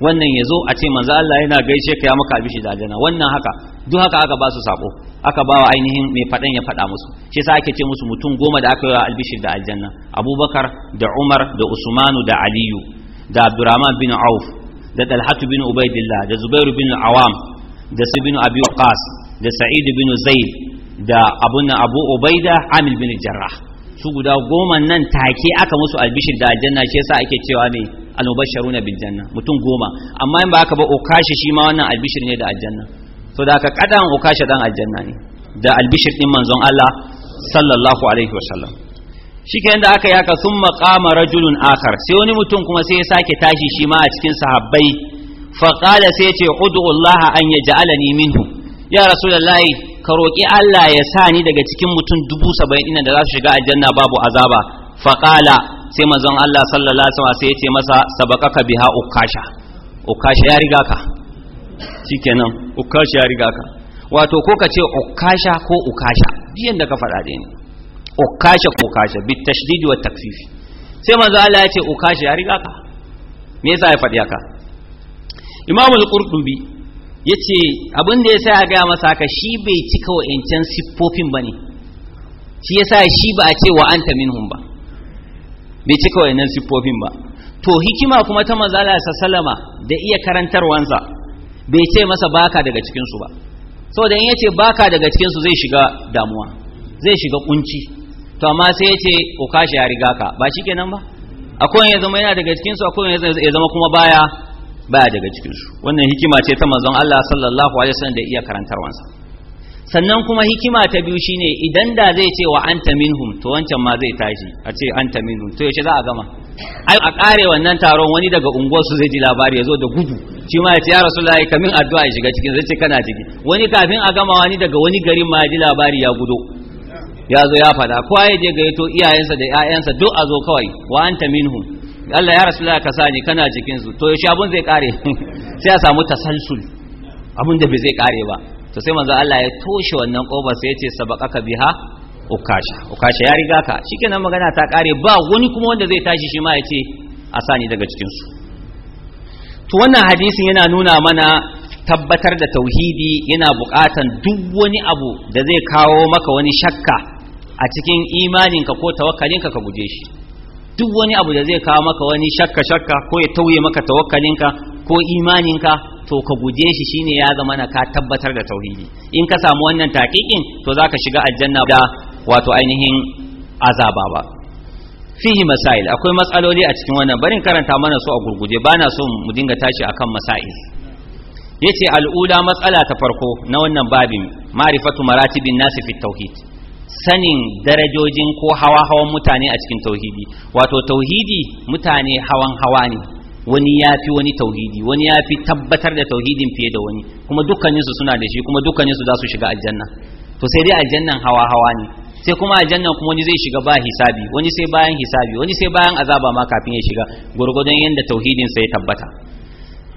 wannan ya zo a ce manzo Allah yana gaishe ka ya maka abishi da aljanna wannan haka duk haka aka ba su sako aka ba wa ainihin mai faɗan ya faɗa musu shi yasa ake ce musu mutum goma da aka yi wa albishir da aljanna abubakar da umar da usmanu da aliyu da abdurrahman bin auf da talhatu bin ubaidillah da zubairu bin awam da su bin abi waqas da sa'id bin zaid da abun abu ubaida amil bin jarrah su guda goma nan take aka musu albishir da aljanna shi yasa ake cewa ne al Sharuna, bil janna mutum goma amma in ba aka ba okashi shi ma wannan albishir ne da aljanna so da haka kadan okashi dan aljanna ne da albishir din manzon Allah sallallahu alaihi sallam. shikenan da aka yi haka summa qama rajulun akhar sai wani mutum kuma sai ya sake tashi shi ma a cikin sahabbai fa qala sai ya ce ud'u Allah an yaj'alani minhu ya rasulullahi ka roƙi Allah ya sa ni daga cikin mutum dubu saba'in da za su shiga aljanna babu azaba faƙala sai manzon Allah sallallahu alaihi wasallam sai ya ce masa sabaqaka biha ukasha ukasha ya riga ka shikenan ukasha ya riga ka wato ko ka ce ukasha ko ukasha biyan da ka faɗa ne ukasha ko ukasha bi tashdid wa takfif sai manzon Allah ya ce ukasha ya riga ka me yasa ya faɗi haka imamu al-Qurtubi yace abin da yasa ya ga masa haka shi bai cika wa'ancan siffofin bane shi yasa shi ba a ce wa anta minhum ba bai cika wayannan siffofin ba to hikima kuma ta manzala sallama da iya karantarwansa bai ce masa baka daga cikin su ba saboda in yace baka daga cikin su zai shiga damuwa zai shiga kunci to amma sai yace ko kashi ya riga ka ba shi kenan ba akwai ya zama yana daga cikin su akwai ya zama kuma baya baya daga cikin su wannan hikima ce ta manzon Allah sallallahu alaihi wasallam da iya karantarwansa sannan kuma hikima ta biyu shine idan da zai ce wa anta minhum to wancan ma zai tashi a ce anta minhum to yace za a gama ai a kare wannan taron wani daga unguwar su zai ji labari ya zo da gudu shi ma ya ce ya rasulullahi kamin addu'a ya shiga cikin zai ce kana ciki wani kafin a gama wani daga wani garin ma ya ji labari ya gudo ya zo ya fada kowa ya je gaito iyayensa da ƴaƴansa duk a zo kawai wa anta minhum Allah ya rasulullahi ka sani kana cikin su to yaushe abun zai kare sai a samu tasalsul abun da bai zai kare ba to sai manzo Allah ya toshe wannan kofa sai ya ce sabaqaka biha ukasha ukasha ya riga ka shikenan magana ta kare ba wani kuma wanda zai tashi shi ma ya ce a sani daga cikin su to wannan hadisin yana nuna mana tabbatar da tauhidi yana bukatan duk wani abu da zai kawo maka wani shakka a cikin imaninka ko tawakkalinka ka guje shi duk wani abu da zai kawo maka wani shakka shakka ko ya tauye maka tawakkalinka ko imaninka to ka guje shi shine ya zama na ka tabbatar da tauhidi in ka samu wannan taqiqin to zaka shiga aljanna da wato ainihin azaba ba fihi masail akwai matsaloli a cikin wannan barin karanta mana su a gurguje bana so mu dinga tashi akan masail yace al'ula matsala ta farko na wannan babin ma'rifatu maratibin nasi fi tauhid sanin darajojin ko hawa hawan mutane a cikin tauhidi wato tauhidi mutane hawan hawa ne wani ya fi wani tauhidi wani ya fi tabbatar da tauhidin fiye da wani kuma su suna da shi kuma su za su shiga aljanna to sai dai aljannan hawa hawa ne sai kuma aljannan kuma wani zai shiga ba hisabi wani sai bayan hisabi wani sai bayan azaba ma kafin ya shiga gurgudun yadda tauhidin sai tabbata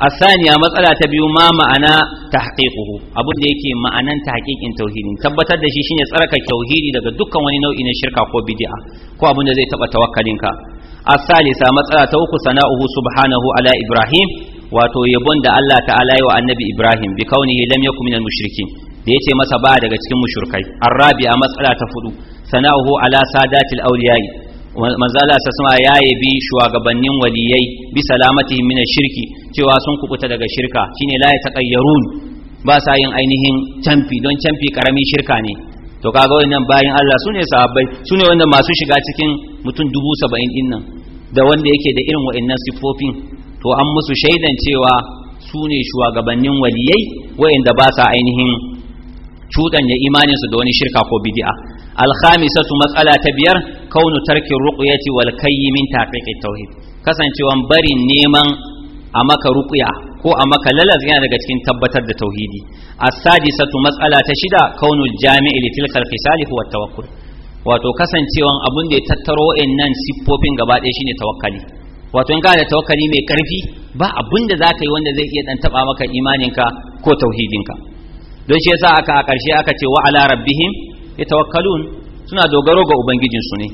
matsala ta biyu ma asaniya ma'ana tahqiquhu تبيو da yake ma'anan ta hakikin tauhidin tabbatar da shi shine شين tauhidi daga لك wani وني na shirka ko bidi'a ko abin da zai taba tawakkalinka. الثالثة مسألة توقو ثناؤه subhanahu ala Ibrahim wato yabon da Allah ta'ala yi wa annabi Ibrahim bi kaunihi lam yakun minal mushrikin da yace masa ba daga cikin mushrikai a matsala ta fudu sana'uhu ala sadatil awliyai manzala sa sama ya bi shugabannin waliyai bi salamati min shirki cewa sun kubuta daga shirka shine la yataqayyarun ba sa yin ainihin canfi don canfi karamin shirka ne to kaga wannan bayin Allah sune sahabbai sune wanda masu shiga cikin mutum dubu saba'in din nan da wanda yake da irin wa'annan siffofin to an musu shaidan cewa sune ne shugabannin waliyai wa'anda ba sa ainihin imanin su da wani shirka ko al alkhamisatu matsala ta biyar kaunu tarkin ruqyati wal kayyimin taqiqit tauhid kasancewan barin neman a maka ruqya ko a maka yana daga cikin tabbatar da tauhidi as-sadisatu mas'ala ta shida kaunul jami'i li tilka khisal huwa tawakkul wato kasancewan abun da ya tattaro nan siffofin gaba ɗaya shine tawakkali wato in kana da tawakkali mai karfi ba abun da zaka yi wanda zai iya dan taba maka imaninka ko tauhidinka don shi yasa aka a ƙarshe aka ce wa ala rabbihim yatawakkalun suna dogaro ga ubangijinsu ne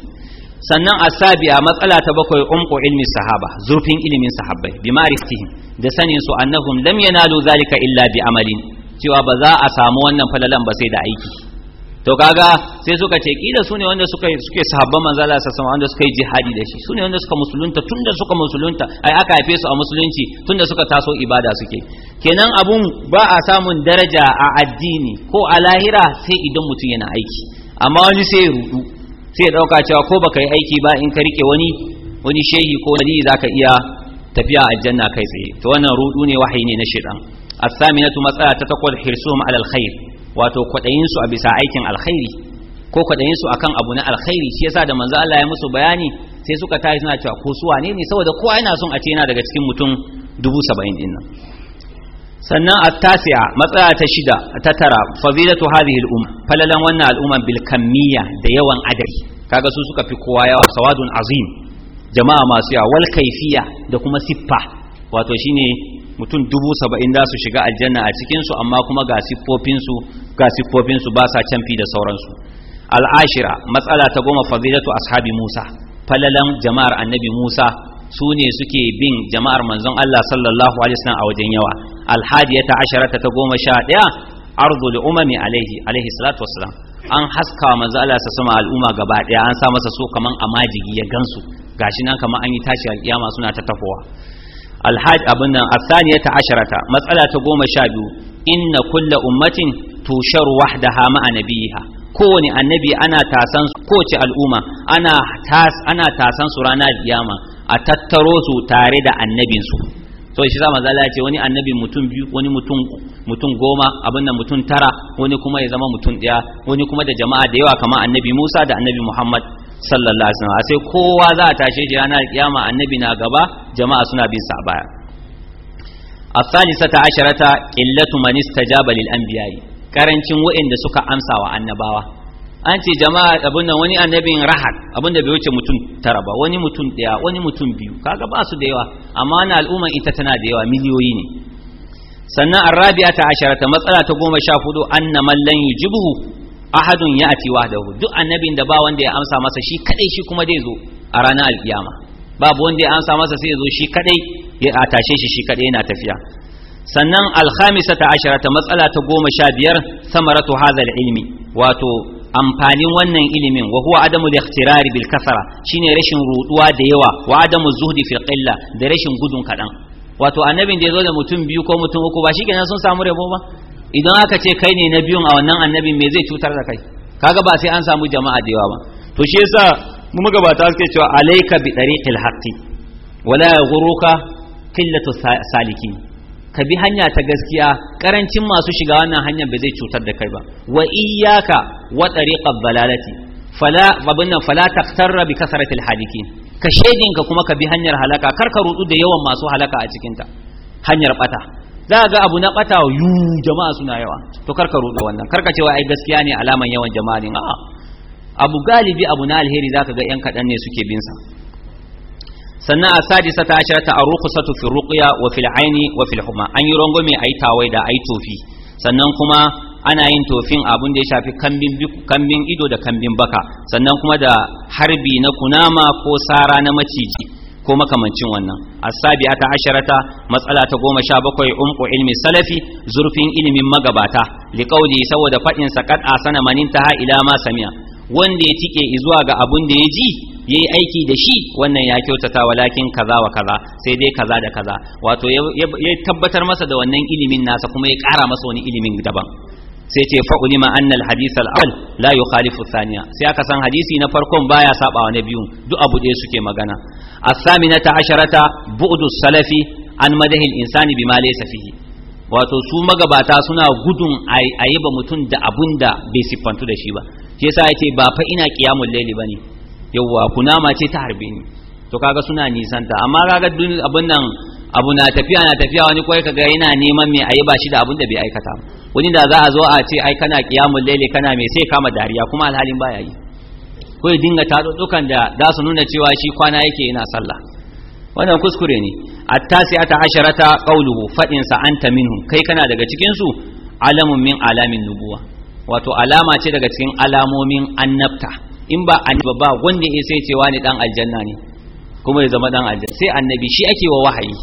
sannan asabi'a matsala ta bakwai umqu ilmi sahaba zurfin ilimin sahabbai bi ma'rifatihim da sanin su annahum lam yanalu zalika illa bi amalin cewa ba za a samu wannan falalan ba sai da aiki to kaga sai suka ce kila sune wanda suka suke sahabban manzo Allah sallallahu alaihi wanda suka yi jihadi da shi sune wanda suka musulunta tunda suka musulunta ai aka haife su a musulunci tunda suka taso ibada suke kenan abun ba a samun daraja a addini ko a lahira sai idan mutum yana aiki amma wani sai ya rudu sai ya dauka cewa ko baka yi aiki ba in ka rike wani wani shehi ko wani zaka iya tafiya aljanna kai tsaye to wannan rudu ne wahayi ne na shaytan as-saminatu mas'ala ta taqwal hirsum ala al-khair wato kwadayin su a bisa aikin alkhairi ko kwadayin su akan abu na alkhairi shi yasa da manzo Allah ya musu bayani sai suka tashi suna cewa ko su wane ne saboda kowa yana son a ce yana daga cikin mutum dubu saba'in din nan sannan attasi'a matsaya ta shida ta tara fadilatu hadhihi al falalan wannan al'umma bil kamiyya da yawan adadi kaga su suka fi kowa yawa sawadun azim jama'a masu yawa wal kaifiya da kuma siffa wato shine mutum dubu saba'in za su shiga aljanna a cikinsu amma kuma ga siffofinsu ga siffofinsu ba sa canfi da sauransu al'ashira matsala ta goma fazilatu ashabi musa falalan jama'ar annabi musa su ne suke bin jama'ar manzon allah sallallahu alaihi wasallam a wajen yawa alhadiyata asharata ta goma sha ɗaya arzul umami alaihi alaihi salatu an haska wa manzo Allah sa sama al'umma gaba ɗaya an sa masa so kaman amajigi ya gansu gashi nan kaman an yi tashi alƙiyama suna ta tafowa alhaj abin nan asaniyata asharata matsala ta goma sha biyu inna kulla ummatin tushar wahdaha ma'a nabiyiha kowane annabi ana tasan kowace al'umma ana tas ana tasan su ranar kiyama a tattaro su tare da annabinsu to shi zama zala ce wani annabi mutum biyu wani mutum goma abin da mutum tara wani kuma ya zama mutum daya wani kuma da jama'a da yawa kamar annabi Musa da annabi Muhammad sallallahu alaihi wasallam sai kowa za a tashe shi ranar kiyama annabi na gaba jama'a suna bin sa baya ta killatu قلة من lil للأنبياء karancin waɗanda suka amsa wa annabawa an ce jama'a abin nan wani annabin rahat abin da bai wuce mutum tara ba wani mutum daya wani mutum biyu kaga ba su da yawa amma na al'umma ita tana da yawa miliyoyi ne sannan arabiya ta asharata matsala ta goma sha hudu anna man lan yujibuhu ahadun ya'ti wahdahu duk annabin da ba wanda ya amsa masa shi kadai shi kuma zai zo a ranar alkiyama babu wanda ya amsa masa sai ya zo shi kadai ya atashe shi shi kadai yana tafiya sannan alkhamisata asharata matsala ta goma sha biyar samaratu hazal ilmi wato amfanin wannan ilimin wa huwa adamu al bil kasara shine rashin ruduwa da yawa wa adamu zuhdi fil qilla da rashin gudun kadan wato annabin da yazo da mutum biyu ko mutum uku ba shikenan sun samu rabo ba idan aka ce kai ne na biyun a wannan annabin me zai cutar da kai kaga ba sai an samu jama'a da yawa ba to shi yasa mu magabata suke cewa alayka bi tariqil haqqi wala yaghuruka qillatu salikin ka bi hanya ta gaskiya karancin masu shiga wannan hanyar bai zai cutar da kai ba wa iyyaka wa tariqab balalati fala babunna fala taqtarra bi kasratil halikin ka shedin ka kuma ka bi hanyar halaka kar ka rudu da yawan masu halaka a cikin ta hanyar bata za ga abu na bata yu jama'a suna yawa to kar ka rudu wannan kar ka ce wa ai gaskiya ne alaman yawan jama'a ne a'a abu galibi abu na alheri zaka ga yan kadan ne suke bin sa sannan a sadisa ta ashira ta arukhsatu fi ruqya wa fil aini wa fil huma an yi rangwame ayi da ayi tofi sannan kuma ana yin tofin abun da ya shafi kambin kambin ido da kambin baka sannan kuma da harbi na kunama ko sara na maciji ko makamancin wannan asabi ta asharata matsala ta goma sha bakwai umku ilmi salafi zurfin ilimin magabata liqauli saboda faɗin sa sana maninta ha ila ma samiya wanda ya tike zuwa ga abun da ya ji yayi aiki da shi wannan ya kyautata walakin kaza wa kaza sai dai kaza da kaza wato ya tabbatar masa da wannan ilimin nasa kuma ya kara masa wani ilimin daban sai ce fa ulima anna al hadith al awal la yukhalifu thaniya sai aka san hadisi na farkon baya sabawa wa na biyun duk abu ɗaya suke magana as-saminata asharata bu'du salafi an madahi al insani bima laysa fihi wato su magabata suna gudun ayi ba mutum da abun da bai siffantu da shi ba shi yasa yace ba fa ina qiyamul layli bane yawwa kunama ce ta harbe ni to kaga suna nisanta amma kaga dun abun nan abu na tafiya na tafiya wani kwai kaga yana neman me ayi ba shi da abun da bai aikata wani da za a zo a ce ai kana kiyamul laili kana me sai kama dariya kuma alhalin baya yi ko ya dinga dukan da za su nuna cewa shi kwana yake yana sallah wannan kuskure ne at-tasi'ata asharata qawluhu fadin sa anta minhu kai kana daga cikin su alamun min alamin nubuwa wato alama ce daga cikin alamomin annabta in ba annabi ba wanda ya sai cewa ni dan aljanna ne kuma ya zama dan aljanna sai annabi shi ake wa wahayi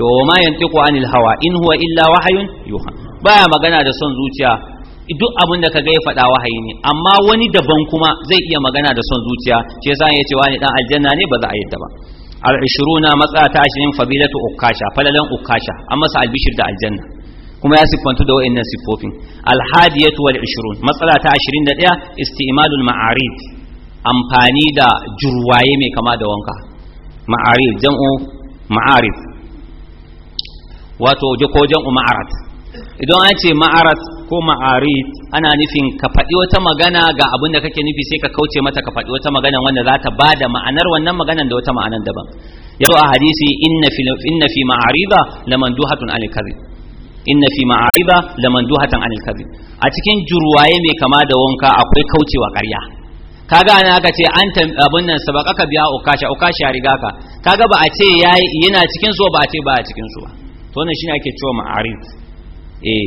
yawa wa ma yantiqu anil hawa in huwa illa wahayun yuha baya magana da son zuciya duk abin da kaga ya faɗa wahayi ne amma wani daban kuma zai iya magana da son zuciya shi yasa ya ce wani dan aljanna ne ba za a yadda ba al-20 matsa ta ashirin fadilatu ukasha falalan ukasha an masa albishir da aljanna kuma ya siffantu da wa'annan siffofin al-hadiyatu wal 20 matsala ta 21 istimalul ma'arif amfani da jurwaye mai kama da wanka ma'arif jan'u ma'arif wato ko jan'u ma'arat idan an ce ma'arat ko ma'arit ana nufin ka faɗi wata magana ga abin da kake nufi sai ka kauce mata ka faɗi wata magana wanda za ta ba da ma'anar wannan maganan da wata ma'anar daban yau a hadisi inna fi ma'ariba fi ma'arida lamanduhatun anil kadhib inna fi ma'arida lamanduhatan anil kadhib a cikin jurwaye mai kama da wanka akwai kaucewa ƙarya kaga ana aka ce an abun nan sabaqaka biya ukasha ukasha ya riga ka kaga ba a ce yayi yana cikin su ba a ce ba a cikin su to wannan shine ake cewa ma'arif eh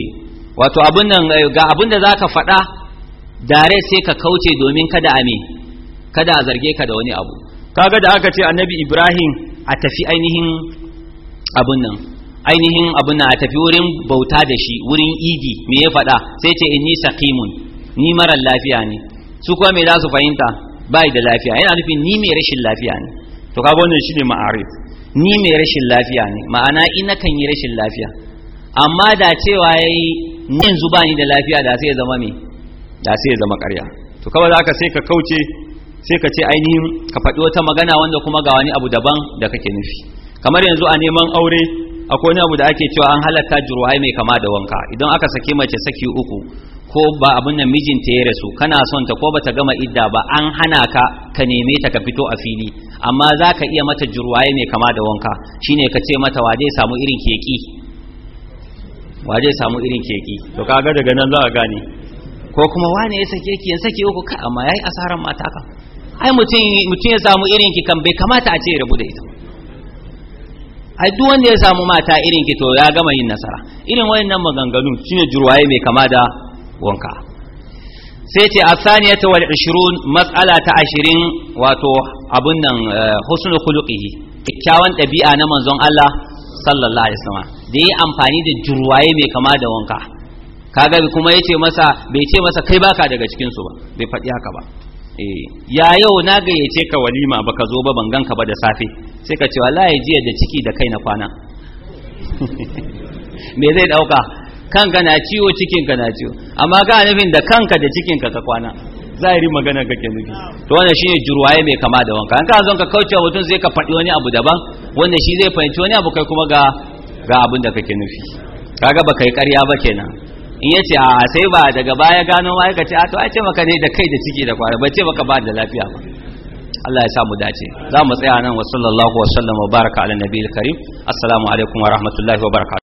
wato abun nan eh, ga abun da zaka faɗa dare sai ka kauce domin kada a me kada a zarge ka da wani abu kaga da aka ce annabi ibrahim a tafi ainihin abun nan ainihin abun nan a tafi wurin bauta da shi wurin idi me ya faɗa sai ce inni saqimun ni mara lafiya ne su kuma mai za su fahimta bai da lafiya yana nufin ni mai rashin lafiya ne to kaga wannan shine ma'arif ni mai rashin lafiya ne ma'ana ina kan yi rashin lafiya amma da cewa yayi yanzu ba ni da lafiya da sai ya zama me da sai ya zama ƙarya to kawai ka sai ka kauce sai ka ce ainihin ka faɗi wata magana wanda kuma ga wani abu daban da kake nufi kamar yanzu a neman aure akwai wani abu da ake cewa an halatta jurwai mai kama da wanka idan aka sake mace saki uku ko ba abin nan mijinta ya rasu kana son ta ko ba ta gama idda ba an hana ka ka neme ta ka fito a fili amma za ka iya mata juruwaye mai kama da wanka shine ka ce mata wa zai samu irin keki waje samu irin keki to kaga daga nan za a gane ko kuma wane ya sake ki sake uku ka amma yayi asaran mata ka ai mutum mutum ya samu irin ki kan bai kamata a ce rubu da ita ai duk wanda ya samu mata irin ki to ya gama yin nasara irin wayannan maganganun shine jurwaye mai kama da wanka sai ce asaniyata wal 20 mas'ala ta 20 wato abun nan eh, husnul khuluqihi kikkiawan dabi'a na manzon Allah sallallahu alaihi wasallam da yi amfani da jurwaye mai kama da wanka kaga kuma yace masa bai ce masa kai baka daga cikin su ba bai faɗi haka ba eh ya yau na gayyace ka walima baka zo ba ban ganka ba da safe sai ka ce wallahi jiya da ciki da kai na kwana me zai dauka kanka na ciwo cikinka na ciwo amma ga nufin da kanka da cikinka ka kwana zahiri magana kake nufi to wannan shine jurwaye mai kama da wanka an ka zon ka kauce mutum sai ka faɗi wani abu daban wanda shi zai fahimci wani abu kai kuma ga ga abin da kake nufi kaga baka yi ƙarya ba kenan in yace a sai ba daga baya gano ma ka a to a ce maka ne da kai da ciki da kwana ba ce maka ba da lafiya ba Allah ya sa mu dace za mu tsaya nan wa sallallahu wa sallam wa baraka ala nabiyil karim assalamu alaikum wa rahmatullahi wa baraka.